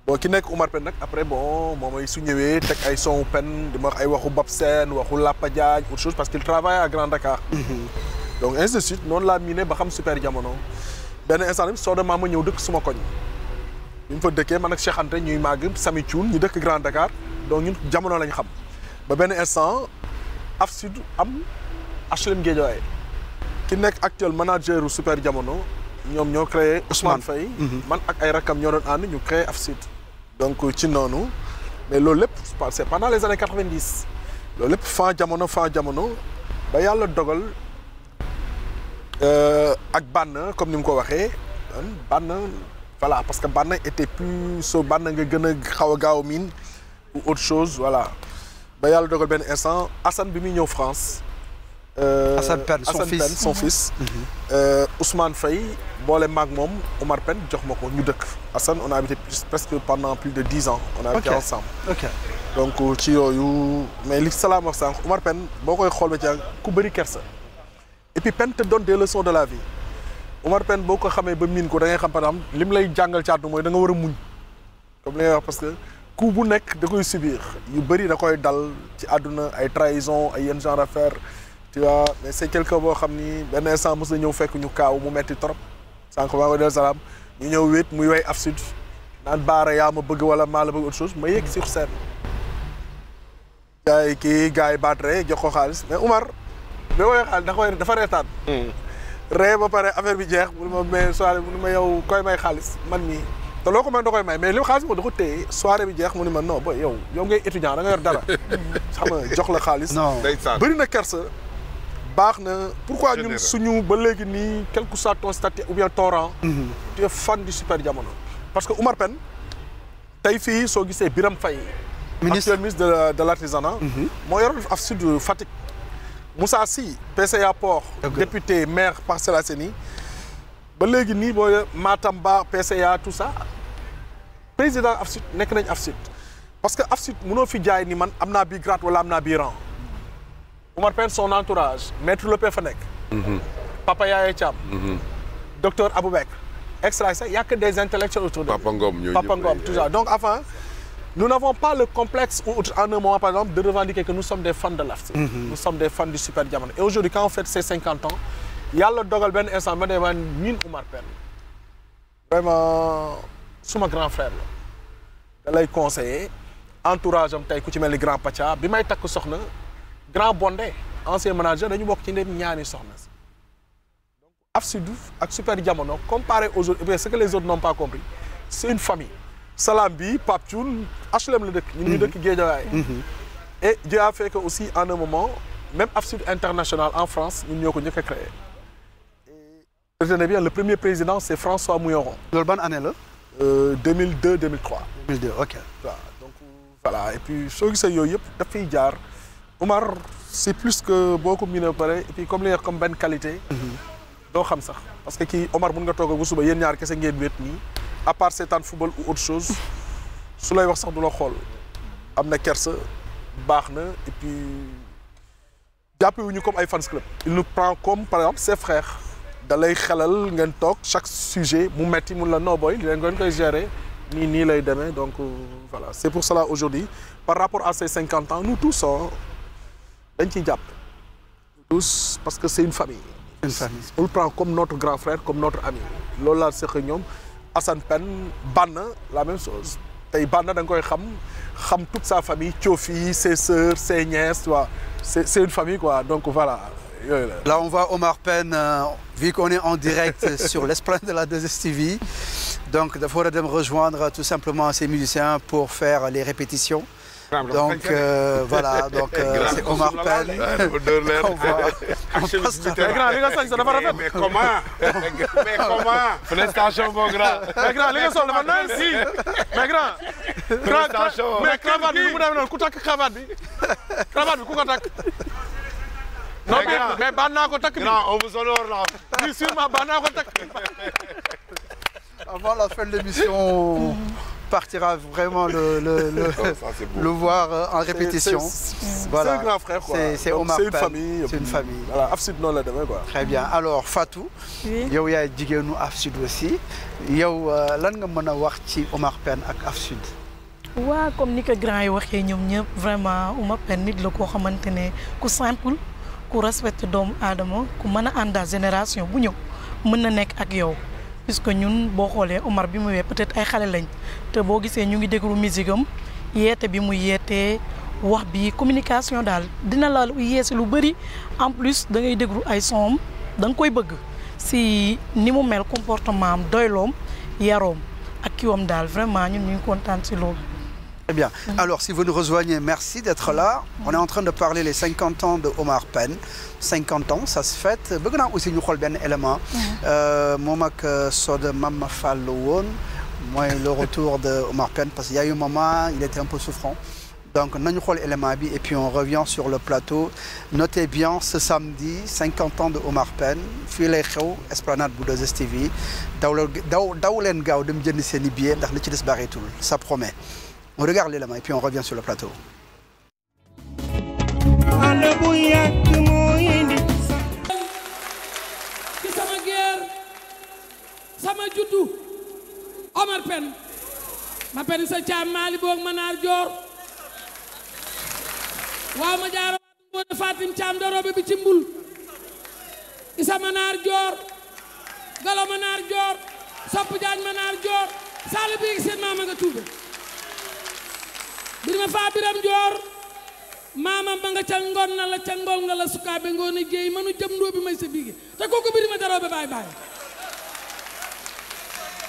boo ki nekk umar Pène nag après bon moom mooy su ñëwee teg ay son pen di ma wax ay waxu Bab Sène waxu Lapa Diagne autre chose parce qu'il travaille à Grand Dakar mhm. donc ainsi de suite noonu laa miine ba xam super jamono benn instant bi soo demee ma ñëw dëkk suma koñ ñu fa dëkkee man ak Cheikh ñuy màgg Sami Thioune ñu dëkk Grand Dakar donc ñun jamono lañ xam ba benn instant af sud am HLM Guédiawaye ki nekk actuel manageru super jamono ñoom ñoo créé Ousmane Faye mhm. man ak ay rakam ñoo doon ànd ñu créé AFSID donc ci noonu mais loolu lépp c'est pendant les années quatre vingt loolu lépp fan jamono fan jamono ba yàlla dogal euh, ak bànn comme ni mu ko waxee bànn voilà parce que bànn était plus soo bànn nga gën a xaw a gaaw miin ou autre chose voilà ba yàlla dogal benn instant assan bi muy ñëw France Euh, Assane Pène son fils Assane Pène son fils. Ousmane Faye boole maag moom Omar pen jox ma ko ñu dëkk. Assane on a habité presque pendant plus de dix ans. on a habité ensemble. donc euh, ci yooyu mais li salaam wax sànq Omar Pène boo koy xool ba ci ku bëri kersa. et puis Pène te donne des leçons de la vie Omar Pène boo ko xamee ba miin ko da ngay xam par exemple lim lay jàngal ci caatu mooy da nga war a muñ. comme li ngay wax parce que coup bu nekk da koy subir yu bëri da koy dal ci àdduna ay trahison ay yenn genre affaire. tu vois mais c' est boo xam ni benn instant mos na ñëw fekk ñu kaaw mu metti trop sànq maa ngi del salaam ñu ñëw wéet muy way af sud naan baara yaa ma bëgg wala maa la bëgg autre chose ma yegg sur scène. gars kii gars yi baat ree jox ko xaalis mais Umar bi woyoo xaalis dafa dafa reetaan. Hmm. ree ba pare affaire bi jeex mu ne ma mais soirée ma yow koy may xaalis man mii. te loo ko mën da koy may mais li xaalis moom da ko téye soirée bi jeex mu ne ma no ba yow yow ngay étudiant da nga yor dara. [LAUGHS] xam nga jox la xaalis. non bëri baax na pourquoi ñun suñu ba léegi nii quel que soit ton statut ou mhm. tu es fan du super jamono parce que Oumar Pène tey fii soo gisee biram fay actuel ministre de de l'artisanat mhm. moo yoroon af sud Fatick Moussa Sy PCA Port député maire Parcelles Assainies ba léegi nii mooy Matam Ba PCA tout président af sud nekk nañ af sud parce que af sud mënoo fi jaay ni man am naa bii grade wala am naa bii rang Oumar Pène son entourage maître Lopé fa nekk. Mhm. Papa Yaya Thiam. Mhm. docteur Aboubacry. extra ça y a que des intellectuels autour de Papa Ngom Papa Ngom toujours donc avant nous n'avons pas le complexe ou en un moment par exemple de revendiquer que nous sommes des fans de l'art. Mhm. nous sommes des fans du Super Diamant et aujourd'hui quand on fête ses ans yàlla dogal benn instant ma ne ma ñun Oumar Pène vraiment suma grand frère la da lay conseiller entourage am tey ku ci mel ni grand Pacha bi may takk soxna. grand bondé ancien manager dañu bokk ci ndem ñaani soxna si donc Afsi Diouf ak Super Jamono comparé aux autres eh ce que les autres n'ont pas compris c'est une famille Salam bi Pape Thioune HLM la dëkk ñun ñu mhm. dëkk Guédiawaye mhm. et Dieu a fait que aussi en un moment même international en France ñun ñoo ko njëkk a créé retenez bien le premier président c'est François Mouilleron loolu ban année la Euh, 2002 2003. 2002 ok. waaw donc voilà et puis soo gisee yooyu yëpp dafay jaar Omar c'est plus que boo ko miinee pare et comme li nga comme benn qualité. Mhm. doo xam sax parce que kii Omar mun nga toog bu suba yéen ñaar kese ngeen wéet nii à part seetaan football ou autre chose [LAUGHS] su lay wax sax du la xool am na kersa baax na et puis jàppewuñu comme ay fans club. il nous prend comme par exemple ses frères. da lay xelal ngeen toog chaque sujet mu metti mun la noo booy li leen ngeen koy gérer nii nii lay demee donc euh, voilà c'est pour cela aujourd'hui par rapport à ces cinquante ans nous dañ ciy jàpp tous parce que c'est une famille une famille on prend comme notre grand frère comme notre ami loolu laa seq ñoom Assane Pène la même chose tey Banna da nga koy xam xam toute sa famille Thiofi ses sœurs ses nièces waa c'est une famille quoi donc voilà yooyu la. là on voit Omar Pène euh, vu qu'on est en direct [LAUGHS] sur l'esplanade de la 2STV donc dafa war a dem rejoindre tout simplement ces musiciens pour faire les répétitions. Euh, [LAUGHS] donc euh, voilà donc euh, c'est Omar Pène [LAUGHS] qu'on voit on passe grand li nga sañ sa dafa rafet mais comment mais comment félicitation [LAUGHS] bon grand mais grand li nga sol dafa naan si mais grand mais cravate bi mu demee noonu ku takk cravate bi cravate bi ku ko takk non mais baan naa ko takk bi on vous honore là oui sûrement baan naa ko takk avant la fin de l'émission partira vraiment le, le, [LAUGHS] ah, le, voir euh, en répétition. C'est voilà. un grand frère. C'est Omar C'est C'est une euh, famille. Voilà, Afsud noonu la demee très bien alors Fatou. yow yaay jigéenu Afsud aussi. yow euh, lan nga mën a wax ci Omar Pène ak Afsud. waa comme ni ko grand yi waxee ñoom ñëpp vraiment Omar nit la koo xamante ne ku simple ku respecte doomu aadama ku mën a ànd génération bu ñëw mën na nekk ak yow. puisque ñun boo xoolee Omar bi mu wee peut-être ay xale lañ te boo gisee ñu ngi déglu musique am yeete bi mu yeetee wax bi communication daal dina la yeesi lu bëri en plus da ngay déglu ay son da nga koy bëgg si ni mu mel comportement am doyloom yaroom ak kiwam daal vraiment ñun ñu ngi kontaan si loolu. Très bien. Alors, si vous nous rejoignez, merci d'être là. On est en train de parler les 50 ans de Omar Pène. 50 ans, ça se fête. bëgg naa aussi ñu xool benn élément. Euh, moom ak euh, Soda Mama Fall la woon mooy le retour de Omar Pène parce qu'il y a eu un moment il était un peu souffrant. donc nañu xool élément bi et puis on revient sur le plateau notez bien ce samedi 50 ans de Omar Pène fii lay xew esplanade bu 2STV daw daw daw leen gaaw dem jënd seen i billets ndax li ci des bareetul ça promet. On regarde l'élément et puis on revient sur le plateau. sama juddu Omar Pène ma Pène sa caam maali boog ma naar joor waaw ma jaara waatu Fatim caam dorobe bi ci isa ma naar joor galo ma naar joor sopp jaañ ma naar joor saalo biig seen maama nga tuube birima faa biram joor maamam ba nga ca na la ca nga la sukkaabe ngoon a géey mënu jëm ndóo may sa biige te kooku birima daroo ba baay baay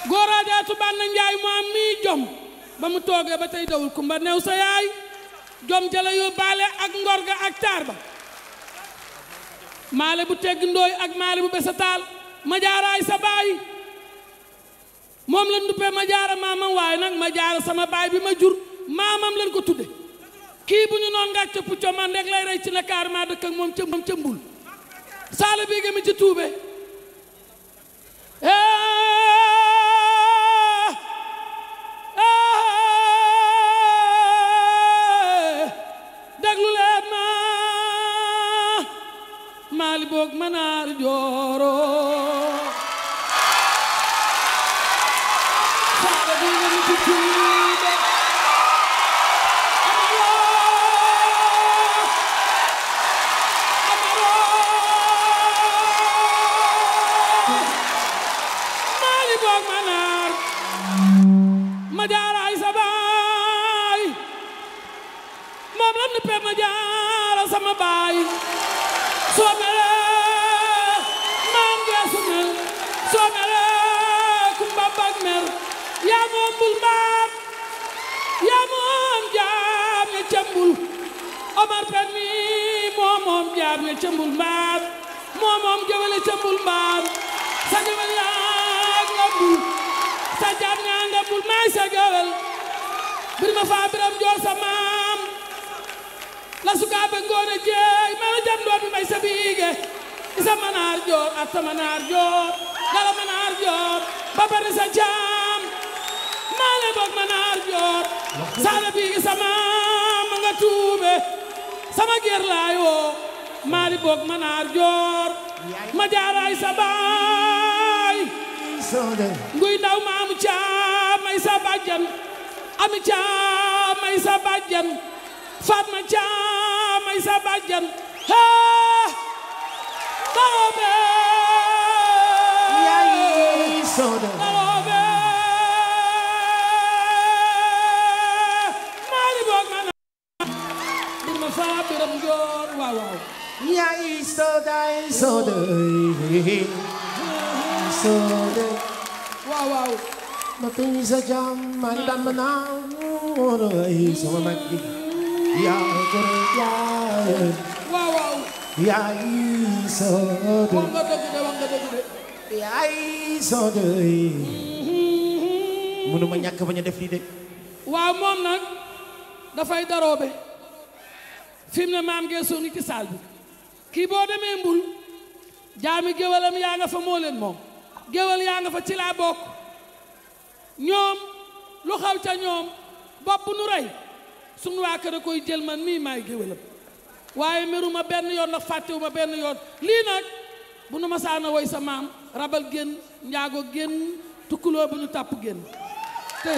góoraajaatu bànna njaay mu am mii jom ba mu toogee ba tey dawul kumba new yaay jom jala yóbbaale ak ngor ak taar ba maale bu tegg ndooy ak maale bu besa taal sa baay moom la nduppee ma jaara maamam waaye nag ma jaara sama baay bi ma jur maamam leen ko tudde kii ñu noon nga cëpp coman rek lay rey ci Ndakaaru maa dëkk moom cëmbul saala bi mi ci tuube eh, eh, déglu leen ma maali boog manaar jooro saala bi nga mi moom jaam ne ca mbul mbaar moo moom géwél ca sa géwél yaa nga mbul sa jaam ñaa nga mbul maay sa géwél birima faa biram joor sa maam la sukaa ngoone jeey ma jam doon bi may biige isa manaar joor atta manaar joor dala manaar joor ba sa jaam maa le boog manaar joor saana biige sa maam nga tuube sama ger laay woo maari boog ma naar joor ma jaaraay sa baay nguy ndaw ma amu caam may sa bàjjan ami caam may sa bàjjan Fatma caam may sa bàjjan hee baobee yaay sooda ya iso da iso de iso de wow wow mati sa jam mandam na ora iso mati ya kore ya wow wow ya iso de wanga dogude wanga dogude ya iso de mënuma def lii de waaw moom nag dafay daroobe fi ne maam gee soo bi kii boo demee mbul jaami géwalam yaa fa moo leen moom géwal yaa fa ci laa bokk ñoom lu xaw ca ñoom bopp nu rey suñu waa kër a koy jël man mii maay géwalam waaye meruma benn yoon nag fàttewuma benn yoon lii nag bu nu masaana woy sa maam rabal génn njaago génn tukkuloo bu ñu génn te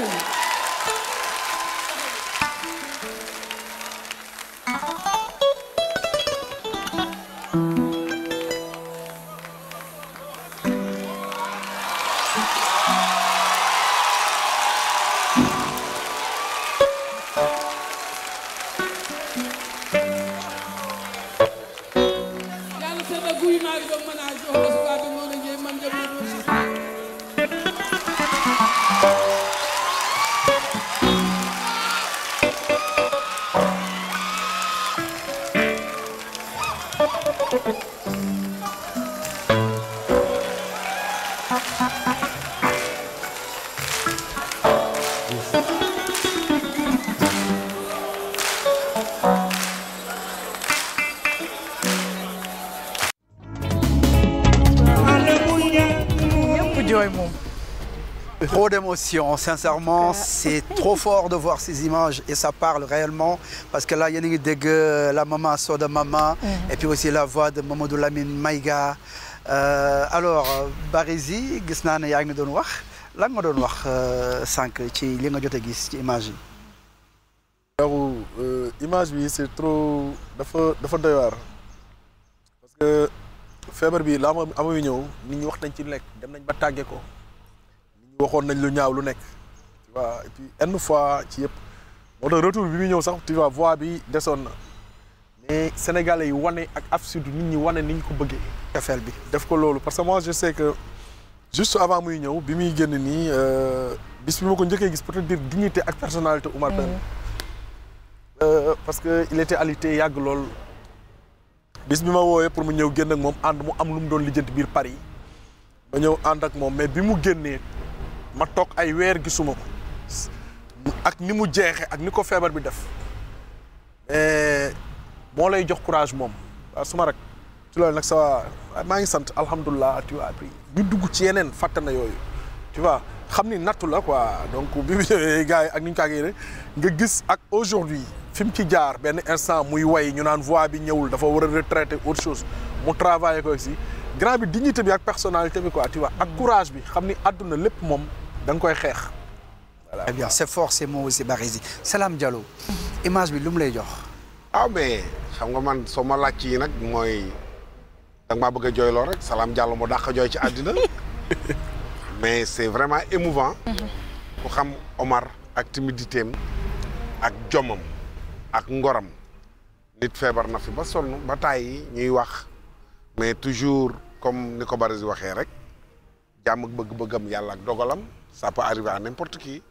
émotion sincèrement c'est trop fort de voir ces images et ça parle réellement parce que là yéen a ngi dégg la maman Soda Mama mm. et puis aussi la voix de Mamadou Lamine Maïga euh, alors Barisi gis naa ne yaa ngi doon wax lan nga doon wax euh, sànq ci li nga jot a gis ci image yi euh, image bi c'est trop dafa dafa doy waar que feebar bi laa ma ama ñëw nit ñi wax nañ ci lekk dem nañ ba tàggee ko waxoon nañ lu ñaaw lu nekk tu vois et une fois ci yëpp moo tax retour bi muy ñëw sax tu vois bi desoon na mais sénégalais yi wane ak absurde nit ñi wane ni ñu ko bëggee affaire bi def ko loolu parce que moi je sais que juste muy ñëw bi muy génn nii euh, bis bi ma ko njëkkee gis peut-être dire dignité ak personnalité Oumar Pène mm. euh, parce que il était alité yàgg lool bis bi ma wooyee pour mu ñëw génn ak moom ànd mu am lu mu doon lijjanti biir Paris ma ñëw ànd ak moom mais bi mu génnee ma toog ay weer gisuma ko ak ni mu jeexe ak ni ko feebar bi def eh, moo lay jox courage moom suma rek ci loolu nag sa maa ngi sant alhamdulilah tu vois puis ñu dugg ci yeneen fàtte yooyu tu vois xam ni nattu la quoi donc bi [LAUGHS] bi gars yi ak ni ñu kaa rek nga gis ak aujourd'hui fi mu ci jaar benn instant muy way ñu naan voix bi ñëwul dafa war a retraité autre chose mu travaillé ko aussi grand bi dignité bi ak personnalité bi quoi tu vois ak courage bi xam ni àdduna lépp moom da nga koy xeex. voilà eh bien c'est fort ces mots aussi Bargny Salam image bi lu lay jox. ah mais nga man soo ma laaj yi nag mooy da ma maa bëgg a jooyloo rek Salam Diallo mu jooy ci àddina [LAUGHS] mais c'est vraiment émouvant. Mm-hmm. ku xam Omar ak timiditéem ak jomam ak ngoram nit feebar na fi ba sonn ba tàyyi ñuy wax mais toujours comme ni ko Bargny waxee rek jàmm ak bëgg-bëggam yàlla ak dogalam. ça peut arriver à n'importe qui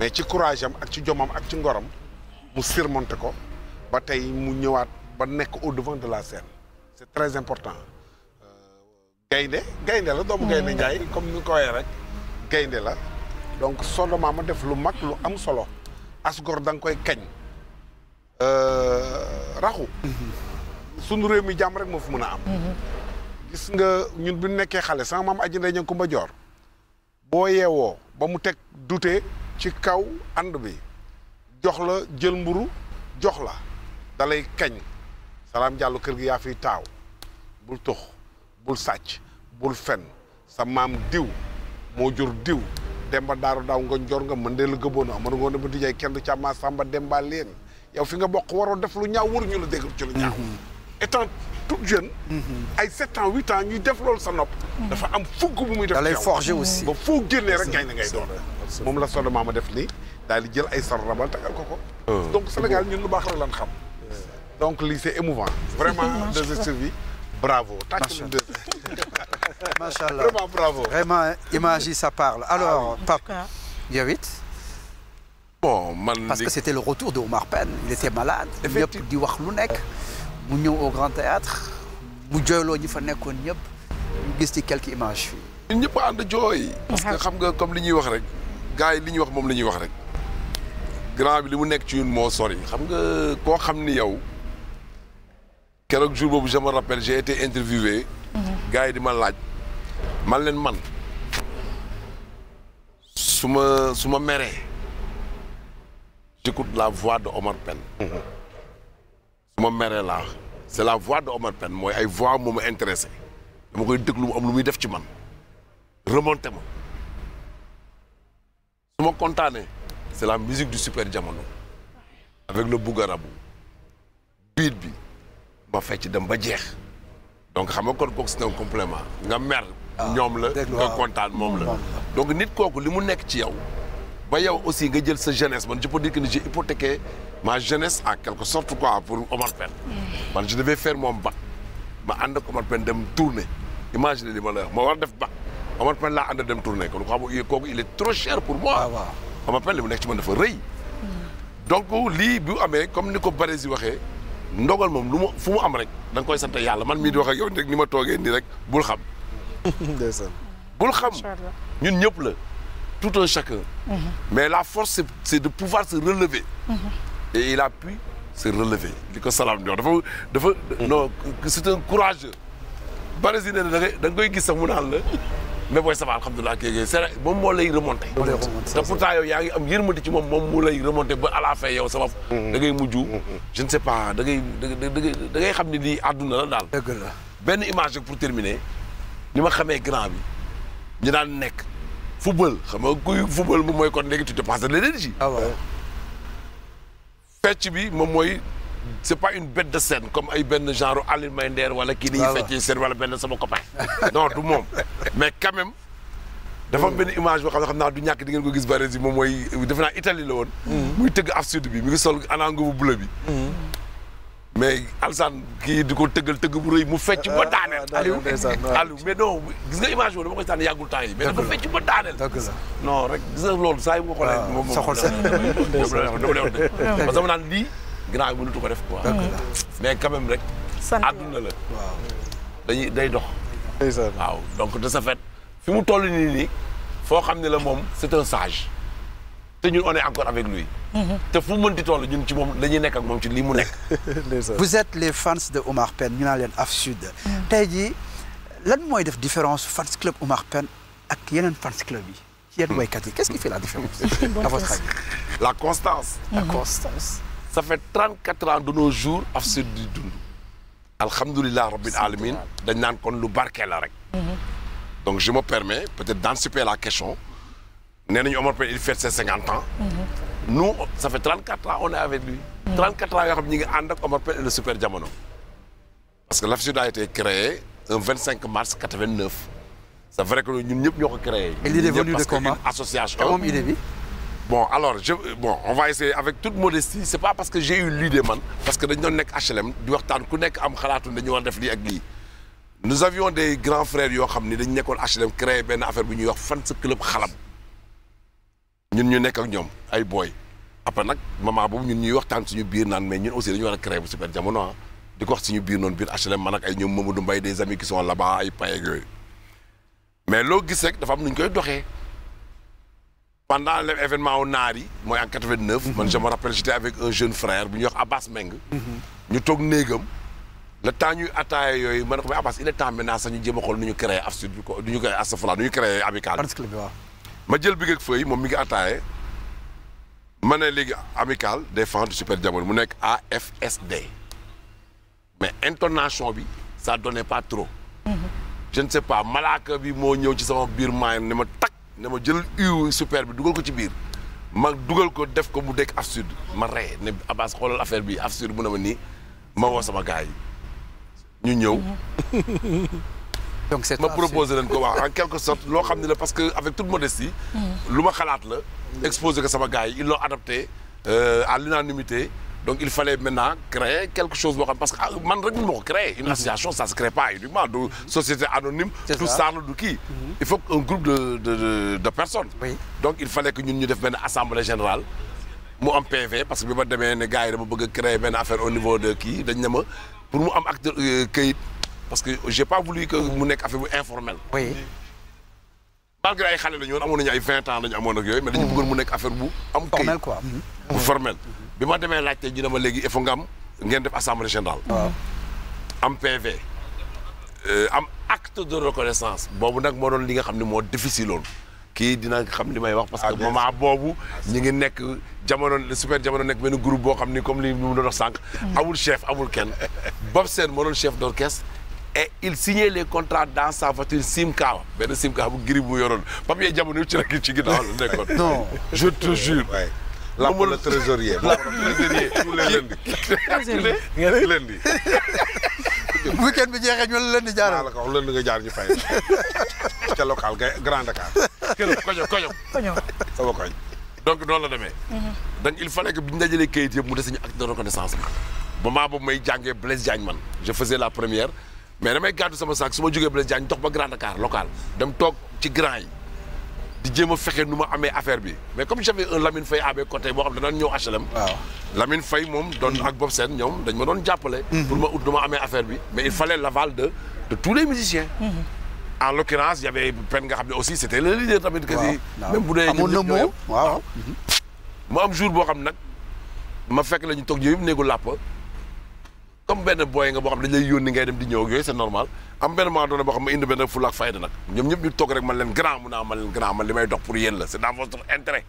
mais ci courage am ak ci jommam ak ci ngorom mu surmonter ko ba tey mu ñëwaat ba nekk au devant de la scène c'est très important euh, gaynde gaynde la doomu gaynde hmm. Njaay comme ni ko waxee rek gaynde la donc sondement ma def lu mag lu am solo asgor da nga koy kañ euh, raxu hmm. sunu réew mi jàmm rek moo fi mën a am hmm. gis nga ñun bi nekkee xale sama maam aji ndey ña kumba joor boo yeewoo ba mu teg dute ci kaw ànd bi jox la jël mburu jox la dalay kañ salaam jàll kër gi yaa fiy taaw bul tux bul sàcc bul fen sa maam diw moo jur diw demba daaru daaw nga njor nga mën dee la gëboon a mën ngoo a ba dijay kenn du càmmaa sàmba demba leen yow fi nga bokk waroo def lu ñaaw wër ñu la dégg ci lu ñaaw mm-hmm. toute jeune. Mhm. ay 7 ans 8 ans ñuy def loolu sa nopp. Mhm. dafa am fugg bu muy def. da lay forger mhm. aussi. ba foo génnee rek gaynde ngay doon. moom la solo maama def nii daal di jël ay sar rabal tagal ko ko. Euh. donc Sénégal ñun lu baax la lan xam. Euh. donc lii c'est émouvant. vraiment de ce suivi bravo. macha allah [LAUGHS] macha allah vraiment bravo. vraiment image yi ça parle ah alors Pape yow it. bon man parce que c'était le retour de Omar Pène il était malade. ñëpp di wax lu nekk. mu ñëw au Grand Théâtre mu jooyloo ñi fa nekkoon ñëpp ñu gis ci quelques images fii ñun ñëpp a ànd jooy parce xam nga comme li ñuy wax rek gars yi li ñuy wax moom la ñuy wax rek grand bi li mu nekk ci ñun moo sori xam nga koo xam ni yow keroog jour boobu je me rappelle j'ai été interviewé mhm. gars yi di ma laaj man leen man su ma su ma meree j'écoute la voix de Omar Pène mhm. ma mere laa c'est la voix de Omar Pène mooy ay voix moo ma intéressé dama koy déglu mu am lu muy def ci man remonté ma su ma kontaanee c'est la musique du super jamono avec le bougarabu biit bi ma fecc dem ba jeex donc xam nga kon kooku c'est un complément nga mer ah, ñoom la nga kontaan moom la donc nit kooku li mu nekk ci yow ba yow aussi nga jël sa jeunesse man je peux dire que ni j'ai hypothéqué ma jeunesse en quelque sorte quoi pour Omar Pène man je devais faire moom bac ma ànd ak Omar Pène dem tourner imagine li ma ma war def bac Omar Pène laa ànd dem tourner kon xam nga kooku il est trop cher pour moi ah, Omar Pène li mu nekk ci man dafa rëy donc lii bu amee comme ni ko Barez yi waxee ndogal moom lu ma fu mu am rek da nga koy sant yàlla man mii di wax ak yow rek ni ma toogee nii rek bul xam [LAUGHS] bul xam ñun ñëpp la tout un chacun. Mhm. mais la force c'est de pouvoir se relever. Mm -hmm. et il relever li ko Salam di wax dafa dafa non c'est un courageux. bari si ne da nga koy gis sax mu naan la mais booy sama alhamdulilah kii kii c'est moom moo lay remonté. te pourtant yow yaa ngi am yërmande ci moom moom moo lay remonté ba à la fin yow sama. Mhm. da ngay mujj. Mhm. je pas da ngay da ngay da xam ne lii la daal. dëgg benn image rek pour terminer ni ma xamee grand bi ñu daan nekk. football xam nga kuy football moom mooy kon léegi tu dépenses de l'énergie. ah fecc bi moom mooy c'est pas une bête de scène comme ay benn genre Alioune Mbaye wala kii ni ñuy feccee seen wala benn sama copain. non du moom mais quand même. dafa am benn image boo xam xam naa du ñàkk di ngeen ko gis Baresi moom mooy defe naa la woon. Mm. muy tëgg af sud bi mi ngi sol anangu bu bi. Mm. mais Alsaan kii di ko tëggal tëgg bu rëy mu fecc ba ah, daaneel. Aliou Aliou mais non gis nga image boobu dama koy sànni yàggul temps yi. mais dafa fecc ba daaneel. non rek gis nga loolu saa yu ma ko xoolee. waaw moom saxul sax [LAUGHS] parce que ma naan lii ginnaaw bi mënatu ko def quoi. mais quand même rek. sant àdduna la. dañuy day dox. waaw donc de ce fait fi mu toll nii nii foo xam ne la moom c'est un sage. te ñun on est encore avec lui. Mm-hmm. te fu mu mënti toll ñun ci moom dañuy nekk ak moom ci lii mu nekk. [LAUGHS] vous êtes les fans de Omar Pène ñu naan leen Af Sud. Mm. mooy def différence fans club Omar Pène ak yeneen fans club yi. ci yenn mm. yi qu'est-ce qui fait la différence. a [LAUGHS] votre avis la constance. Mm-hmm. la ans de nos jours Af Sud di dund. alhamdulilah rabbil alamin dañ naan kon lu barkeel la rek. Mm-hmm. donc je me permets peut-être d'anticiper la question. nee nañu Omar Pène il fête ses cinquante ans. Mm-hmm. nous ça fait trente quatre ans on est avec lui. Mm-hmm. trente quatre ans yoo xam ñu ngi ànd ak Omar Pène et super jamono. parce que l'AFSUD a été créé un vingt cinq mars quatre vingt neuf. vrai que ñun ñëpp ñoo ko créé. et l'idée association. moom idée bon alors je bon on va essayer avec toute modestie c' pas parce que j'ai eu l'idée man parce que dañ nekk HLM di waxtaan ku nekk am xalaatu dañu war def lii ak lii. nous avions des grands frères yoo xam ni dañ nekkoon HLM créé benn affaire bu ñuy wax fan ñun ñu nekk ak ñoom ay booy après nag moment boobu ñun ñuy waxtaan suñu biir naan mais ñun aussi dañu war a créer bu super jamono ah di ko wax suñu biir noonu biir HLM man ak ay ñoom Mamadou Mbaye des amis qui sont là-bas ay paye yooyu mais loo gis rek dafa am nu ñu koy doxee pendant les événements wu naar yi mooy en 89. Mhm. man je me rappelle j'étais avec un jeune frère bu ñuy wax Abbas Meng. Mhm. ñu toog néegam le temps ñuy ataaya yooyu man ñu jéem a ñu créer Afsud du ko du ñu créer Astafurlah nu ma jël big ak feuille moom mi ngi attaaye ma ne léegi amicale des fans du Super Jamono mu nekk AFSD mais intonation bi ça donnait pas trop. Mm-hmm. je ne sais pas malaaka bi moo ñëw ci sama biir maayam ne ma takk ne ma jël uw super bi dugal ko ci biir ma dugal ko def ko mu dekk absurde ma ree ne Abbas xoolal affaire bi absurde mu ne ma nii ma woo sama gars yi ñu ñëw. Mm-hmm. [LAUGHS] donc c'est ma proposé leen ko wax en quelque sorte loo xam ne la parce que avec toute modestie hmm. lu ma xalaat la exposé ko sama gars yi ils l'ont adapté euh, à l'unanimité donc il fallait maintenant créer quelque chose boo xam parce que ah, man rek moo ko créer une association ça se crée pas uniquement du société anonyme tout ça la du kii hmm. il faut un groupe de personnes donc il fallait que ñun ñu def benn assemblée générale mu am PV parce que bi ma demee ne gars yi dama bëgg a benn affaire au niveau de kii dañ ne ma pour mu am acte euh, kayit parce que j'ai pas voulu que mu nekk affaire bu informel. oui. ay xale la ñu woon amoon nañu ay vingt ans amoon ak yooyu. mais dañu mm-hmm. bëggoon mu nekk affaire bu. am kay mm-hmm. bu formel bi ma demee laajte ji dama léegi il faut nga am ngeen def assemblée générale. am PV. Euh, am acte de reconnaissance. boobu nag moo doon li nga xam ne moo difficile woon. kii dina xam li may wax parce que moment boobu ñu ngi nekk jamono super jamono nekk benn groupe boo xam ni comme li mu doon wax sànq. Mm-hmm. awul chef awul kenn Bob Sène moo doon chef d'orchestre et il signait les contrats dans sim voiture Simca benn Simca bu gris bu yoroon papier jamono ci rek ci ginnaaw la nekkoon. non je te jure. la le trésorier. la trésorier [LAUGHS] tous les lundis. nga ne lundi. bu [LAUGHS] weekend bi jeexee ñu lundi la ko wax lundi nga jaar ñu fay. [LAUGHS] ca local Grand Dakar. keroog koño koño. koño sama koñ. donc noonu la demee. Mhm. donc il fallait que bi ñu dajalee kayit yëpp mu dese ñu acte de reconnaissance bi. moment boobu may jàngee Blaise Diagne man je faisais la première. mais damay gàddu sama saak su ma jógee Blaise Diagne dox ba Grand Dakar local dem toog ci grand yi di jéem a fexe nu ma amee affaire bi mais comme j'avais un Lamine abe AB boo xam ne daan ñëw HLM. waaw Lamine Faye moom doon ak Bob Sène ñoom dañ ma doon jàppale. Mhm. pour ma ut nu ma amee affaire bi. mais il fallait l'aval de de tous les musiciens. Mhm. en l'occurrence y avait nga xam ne aussi te le leader tamit. quasi même bu dee. amoon na moo waaw. mu mhm. am jour boo xam nag ma fekk la ñu toog ñoom néegu làpp comme benn booy nga boo xam dañ lay yónni ngay dem di ñëw yooyu c'est normal am benn maa doone boo xam ma indi benn fulla ak fayda nag ñoom ñëpp ñu toog rek man leen grand mun naa man leen grand man li may dox pour yéen la c'est dans votre intérêt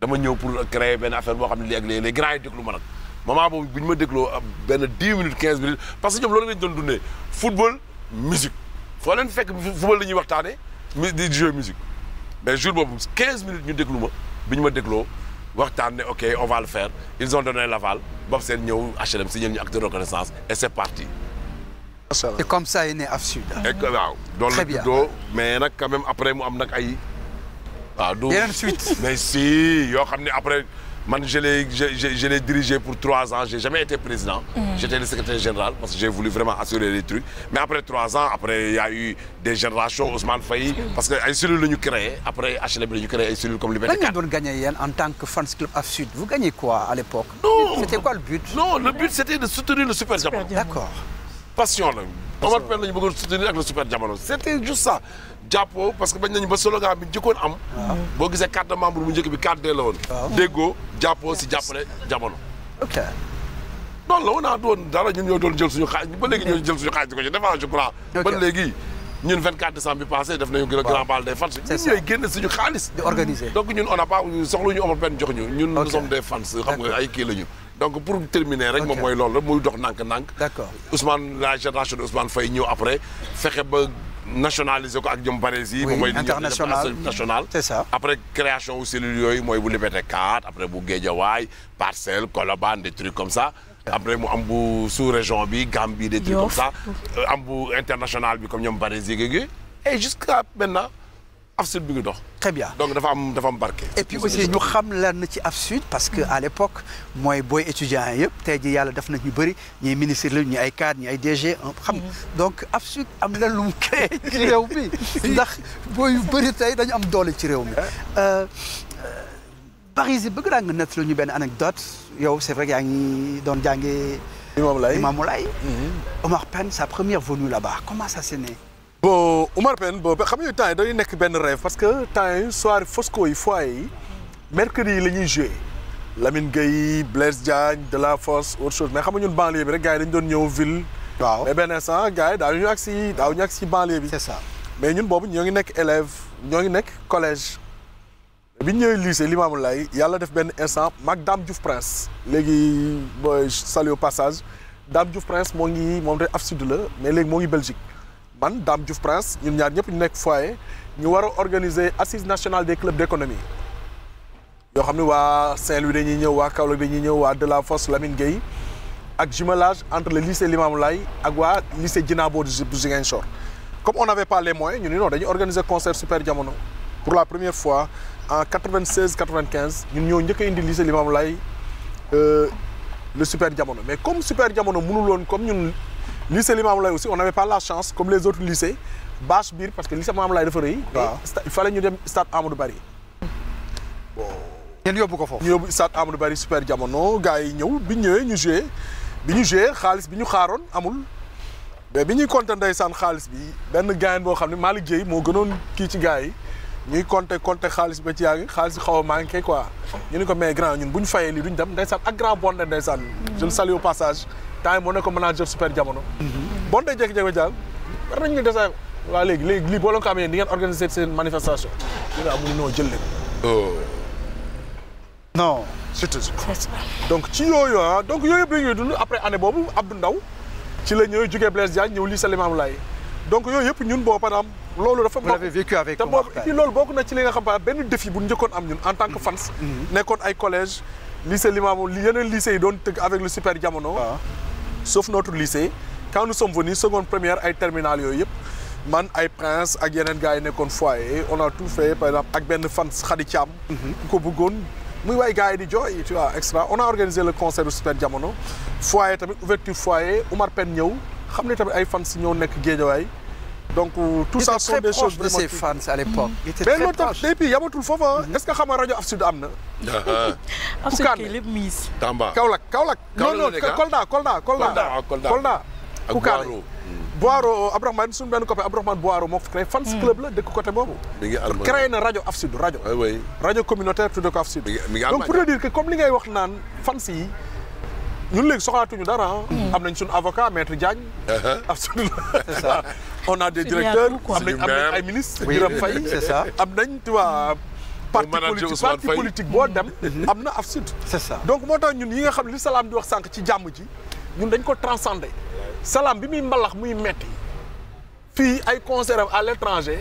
dama ñëw pour créer benn affaire boo xam ne lii ak lii les grands yi déglu ma nag moment boobu bu ñu ma dégloo benn 10 minutes 15 minutes parce que ñoom loolu lañ doon dundee football musique foo leen fekk football la ñuy waxtaanee di jouer musique mais jour boobu 15 minutes ñu déglu ma bi ñu ma dégloo waxtaan ne ok on va le faire ils ont donné l'aval Bob Sène ñëw HLM signé ñu acte de reconnaissance et c'est parti. macha allah et comme ça est né AFSUD. waaw doon la juddoo mais nag quand même après mu am nag ay. waaw du yeneen suite [LAUGHS] mais si yoo xam ne après. man je l'ai je je je j'ai jamais été président. Mm. j'ai voulu vraiment assurer les trucs mais après trois ans après il y a eu des générations Ousmane Faye. parce que ay cellules la après HLM la ñu créé ay comme Liberté en tant que fans club af sud vous gagnez quoi à l'époque non le but. c'était de le super d'accord. passion la. Omar Pène la ñu bëggoon soutenir le super jamono c'était juste ça. jàppoo parce que bañ nañu ba solo bi njëkkoon am. boo gisee carte de membre bu njëkk bi carte la woon. déggoo jàppoo si jàppale jamono. ok. noonu la woon naa dara ñun ñoo doon jël suñu xaaj ba léegi ñoo jël suñu xaaj di ko ci defal je ba léegi ñun 24 décembre bi passé def nañu. waaw grand bal des ñu amal benn jox ñu. ñun nous sommes des nga ay kii la ñu. donc pour terminer rek moom mooy loolu la muy dox ndànk-ndànk. d'accord Ousmane la génération de Ousmane Faye ñëw après ba. nationaliser ko ak jëm parees yi. oui international national c'est ça. après création wu cellules yooyu mooy bu Liberté 4 après bu Guédiawaye Parcelles Colobane des trucs comme ça. après mu am bu sous région bi Gambie des trucs comme ça. Euh, am bu international bi comme ñoom parees yi et jusqu'à maintenant. af sud bi ngi dox. très bien donc dafa am dafa am barke. et puis aussi ñu xam lan ci af sud parce que à l'époque mooy booy étudiants yëpp tey ji yàlla def na ñu bëri ñuy ministre la ñu ay cadre ñu ay DG xam mm-hmm. donc af am na lu mu créé [LAUGHS] ci réew mi [LAUGHS] ndax booy yu bëri tey dañu am doole ci réew mi. Eh? Euh, Paris yi bëgg naa nga nett lu ñu benn anecdote yow c'est vrai que yaa ngi doon jàngee. Imam Moulay Imam Moulay. Mm-hmm. Omar Pène sa première venue là-bas comment ça s'est né bon Umar Pène bon xam nga temps yi dañuy nekk benn rêve parce que temps yi soirée Fosco yi foyer yi mercredi yi la ñuy joué Lamine Gueye Blaise la Delafosse autre chose mais xam nga ñun banlieue bi rek gars dañu doon ñëw ville. waaw mais benn instant gars yi daaw ñu àgg si daaw si banlieue bi. c'est ça mais ñun boobu ñoo ngi nekk élève ñoo ngi nekk collège bi ñu ñëwee lycée Limamoulaye yàlla def benn instant mag Dame Diouf Prince léegi booy salut passage Dame Diouf Prince moo ngi moom de Afsud la mais léegi moo ngi Belgique. man Dame Diouf Prince ñun ñaar ñëpp ñu nekk foyer ñu war a organiser assise national des clubs d'économie yoo xam ne waa Saint-Louis dañuy ñëw waa Kaolack dañuy ñëw waa De La Fosse Lamine Gueye ak jumelage entre le lycée Limamoulaye ak waa lycée Djignabo bu Ziguinchor comme on n'avait pas les moyens ñu ni non dañuy organiser concert super jamono pour la première fois en 96 95 ñun ñoo njëkk a indi lycée Limamoulaye euh, le super jamono mais comme super jamono mënul woon comme ñun. lycée Limamoulaye aussi on n'avait pas la chance comme les autres lycées bâche biir parce que lycée Limamoulaye dafa rëy. waaw il fallait ñu dem stade Amadou Barry. bon. ngeen yóbbu ko foofu. ñu yóbbu stade Amadou Barry super jamono gars yi ñëw bi ñëwee ñu joué bi ñu joué xaalis bi ñu xaaroon amul. mais bi ñuy compter ndeysaan xaalis bi benn gain boo xam ne Malick Dieye moo gënoon kii ci gars yi ñuy compter compter xaalis ba ci yàgg xaalis bi xaw a manqué quoi. ñu ne ko mais grand ñun bu ñu fayee lii duñ dem ndeysaan ak grand bonde ndeysaan. je passage. temps moo nekkoon manager super jamono. Mhm. bon day jékki-jékki daal war nañu ne desaay waaw léegi léegi lii boo leen ko amee ni ngeen organiser seen manifestation. ñu ne amul noo jël leen. Oh. non surtout donc ci yooyu ah donc yooyu boobu Abdou Ndaw ci la ñëw jógee Blaise Diagne ñëw lycée Limamou Laye donc yooyu yëpp ñun boo par loolu dafa bokk te boobu ci loolu bokk na ci li nga xam ne benn défi bu njëkkoon am ñun en tant que mhm. fans. Mhm. nekkoon ay collège lycée Limamou yeneen lycée yi doon tëgg avec le super jamono. Ah. sauf notre lycée quand nous sommes venus seconde première ay terminale yooyu yëpp man ay prince ak yeneen gars yi nekkoon foyer on a tout fait par exemple ak benn fan Khady Thiam mhm. ku ko bëggoon muy waay gars yi di jooy tu vois extra on a organisé le concert du Super Jamono foyer tamit ouverture foyer Omar Pène ñëw xam ne tamit ay fan si ñëw nekk Géejawaay donc euh, tout ça sont des choses de ses fans à l'époque. mais loolu tax depuis yamatul foofa est-ce que xam nga rajo Af Sud am na. [LAUGHS] Kukaan Tamba Kaolack Kaolack. non non ah. Kolda Kolda Kolda Kolda. Ah, ak Boiro hmm. Boiro Abdourahmane suñu benn copain Abdourahmane Boiro moo ko fi créé. fans hmm. club la dëkk côté boobu. mi ngi créé na rajo Af Sud rajo. rajo communautaire tudde ko Af Sud. donc pour te dire que comme li ngay wax naan fans yi. ñun léegi soxlaatuñu dara ah. hmm. am nañ suñu avocat maître Diagne. Uh-huh. Af Sud [LAUGHS] on a des directeurs am nañ am nañ ay boo dem. am na af sud. c'est donc moo tax ñun yi nga xam li salaam di wax sànq ci jàmm ji ñun dañ ko transcender salaam bi muy mbalax muy metti fii ay concert à l'étranger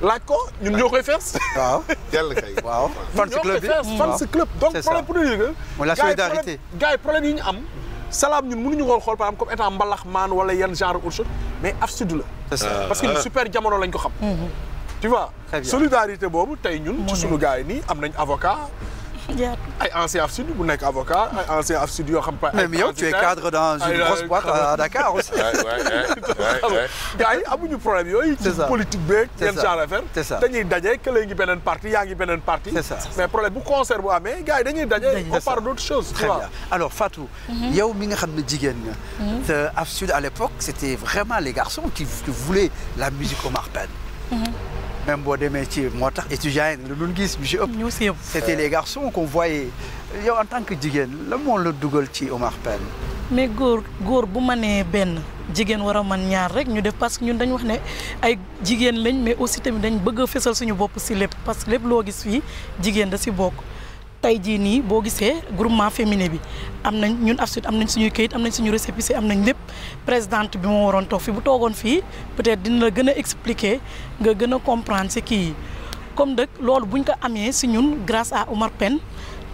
laaj ko ñun ñoo koy fees. waaw [LAUGHS] jàll kay waaw. fan club bi fan mm. club. donc problème pour ñu yëg la yi problème yi ñu am. salaam ñun mënuñu ko xool par exemple comme état mbalax maan wala yenn genre autre mais af sud la. c'est euh, parce que euh. super jamono lañ ko xam. Mhm. tu vois solidarité boobu tey ñun. ci suñu gars yi am nañ avocat. ay ancien AFSUD bu nekk avocat ay ancien AFSUD yoo xam. ay mais yow tu es cadre dans une grosse boîte à Dakar aussi. gars yi amuñu problème yooyu. c'est ça politique beeg. c'est ça genre affaire dañuy daje kële ngi beneen parti yaa ngi beneen parti. c'est ça mais problème bu concert bu amee gars yi dañuy daje. on parle d'autre chose. très bien alors Fatou. Mhm. yow mi nga xam ne jigéen nga. Mhm. te AFSUD à l'époque c'était vraiment les garçons qui voulaient la musique Omar Pène. même boo demee ci moo tax étudiants yi lu ñu gis ñu si ëpp. ñu si ëpp c'était les garçons qu'on voyait yow en tant que jigéen la moo la dugal ci Omar Pène. mais góor góor bu ma nee benn jigéen war a man ñaar rek ñu def parce que ñun dañu wax ne ay jigéen lañ mais aussi tamit dañ bëgg a suñu bopp si lépp parce que lépp loo gis fii jigéen da si bokk. tey jii nii boo gisee groupement féminin bi am nañ ñun AFSUD am nañ suñuy këyit am nañ suñu récépissé am nañ lépp présidente bi moo waroon toog fi bu toogoon fii peut-être dina la gën a expliquer nga gën a comprendre si kii yi comme dëkk loolu buñ ko amee si ñun grace à Omar Pène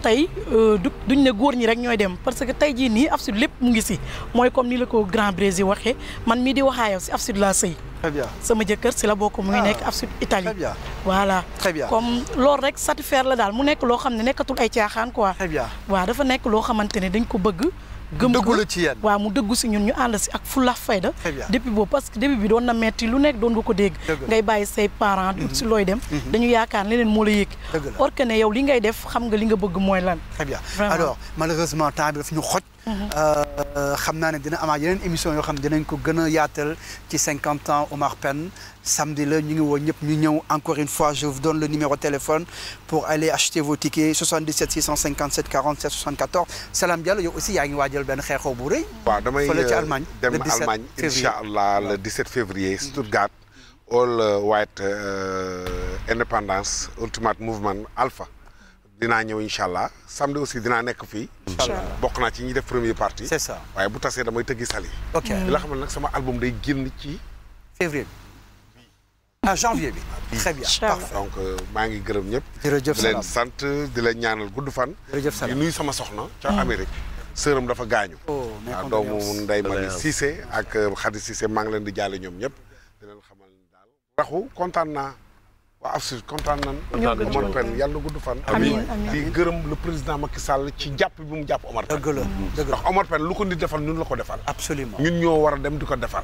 tey euh, du duñ ne góor ñi rek ñooy dem parce que tey jii nii Afsud lépp mu ngi si mooy comme ni la ko Grand Brésil waxee man mii di waxaayow si Afsud laa sëy sama jëkkër si la boo ko mu ngi ah, nekk Afsud Italie voilà comme loolu rek satisfaire la daal mu nekk loo xam ne nekkatul ay caaxaan quoi waaw dafa nekk loo xamante ne dañ ko bëgg gëm ko ci yéen waaw mu dëggu si ñun ñu ànd si ak fulla fayda depuis boobu parce que début bi doon na metti lu nekk doon nga ko dégg ngay bàyyi say parents mhm. si looy dem mhm. dañu yaakaar leneen moo la yëg or que ne yow li ngay def xam nga li nga bëgg mooy lan très bien alors malheureusement temps bi daf ñu xoj Euh, xam naa ne dina amaat yeneen émission yoo xam ne dinañ ko gën a yaatal ci cinquante ans Omar Pène samedi ñu ngi woo ñëpp ñu ñëw encore une fois je vous donne le numéro de téléphone pour aller acheter vos tickets 77 657 47 74 Salam Diallo yow aussi yaa ngi waajal benn xeexoo bu rëy. waaw damay fële ci euh, Allemagne dem Allemagne incha allah le 17 février mm-hmm. Stuttgart. All White euh, Independence Ultimate Movement Alpha. dinaa ñëw incha allah samedi aussi dinaa nekk fii. bokk naa ci ñi def première partie. c'est waaye bu tasee damay tëggi sali. ok di la xamal nag sama album day génn ci. février bi. ah janvier ah, donc euh, maa ngi gërëm ñëpp. jërëjëf salaam leen sant di leen ñaanal gudd fan. jërëjëf salaam sama soxna. ca hmm. Amérique sëram dafa gaañu. waaw oh, ah, doomu Ndeye Mali Cissé ak euh, Khady Cissé maa ngi leen di jaale ñoom ñëpp. di leen xamal daal raxu kontaan naa. waaw Assy kontaan nañ. kontaan nañ Omar yàlla gudd fan. amiin gërëm le président Macky Sall ci jàpp bi mu jàpp Omar Pène. la lu ko nit defal ñun la ko defal. absolument ñun ñoo war dem di defal.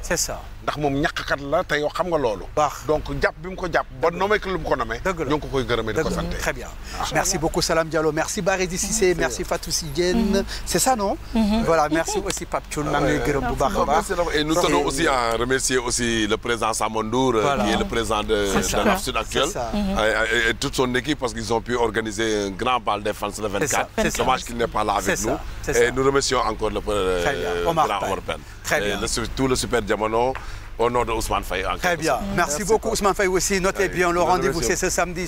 ndax moom ñàkkkat la te yow xam nga loolu. baax donc jàpp bi ko jàpp ba nommé ki lu mu ko ko koy gërëmee di ko sant. très bien ah. merci beaucoup Salam Diallo merci Baridi Cissé mm-hmm. merci Fatou Sy mm-hmm. c'est ça non. Mm-hmm. voilà merci aussi Pape Thioune maa gërëm bu baax baax. et nous tenons aussi à remercier aussi Mhm. Ah, ah, et, toute son équipe parce qu'ils ont pu organiser un grand bal des fans le 24. Dommage qu'il n'est pas là avec nous. Et nous remercions encore le, euh, grand Orpen. Tout le super Diamano. au nom de Ousmane Faye. Très bien. Merci, Merci beaucoup, pas. Ousmane Faye aussi. Notez Allez, bien le rendez-vous, c'est ce samedi.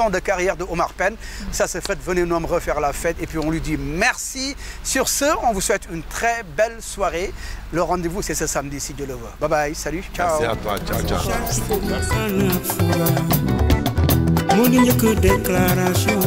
ans de carrière de Omar Penn. Ça se fait, venez nous refaire la fête. Et puis on lui dit merci. Sur ce, on vous souhaite une très belle soirée. Le rendez-vous, c'est ce samedi, si Dieu le veut. Bye bye, salut, ciao. Merci à toi, ciao, ciao. déclaration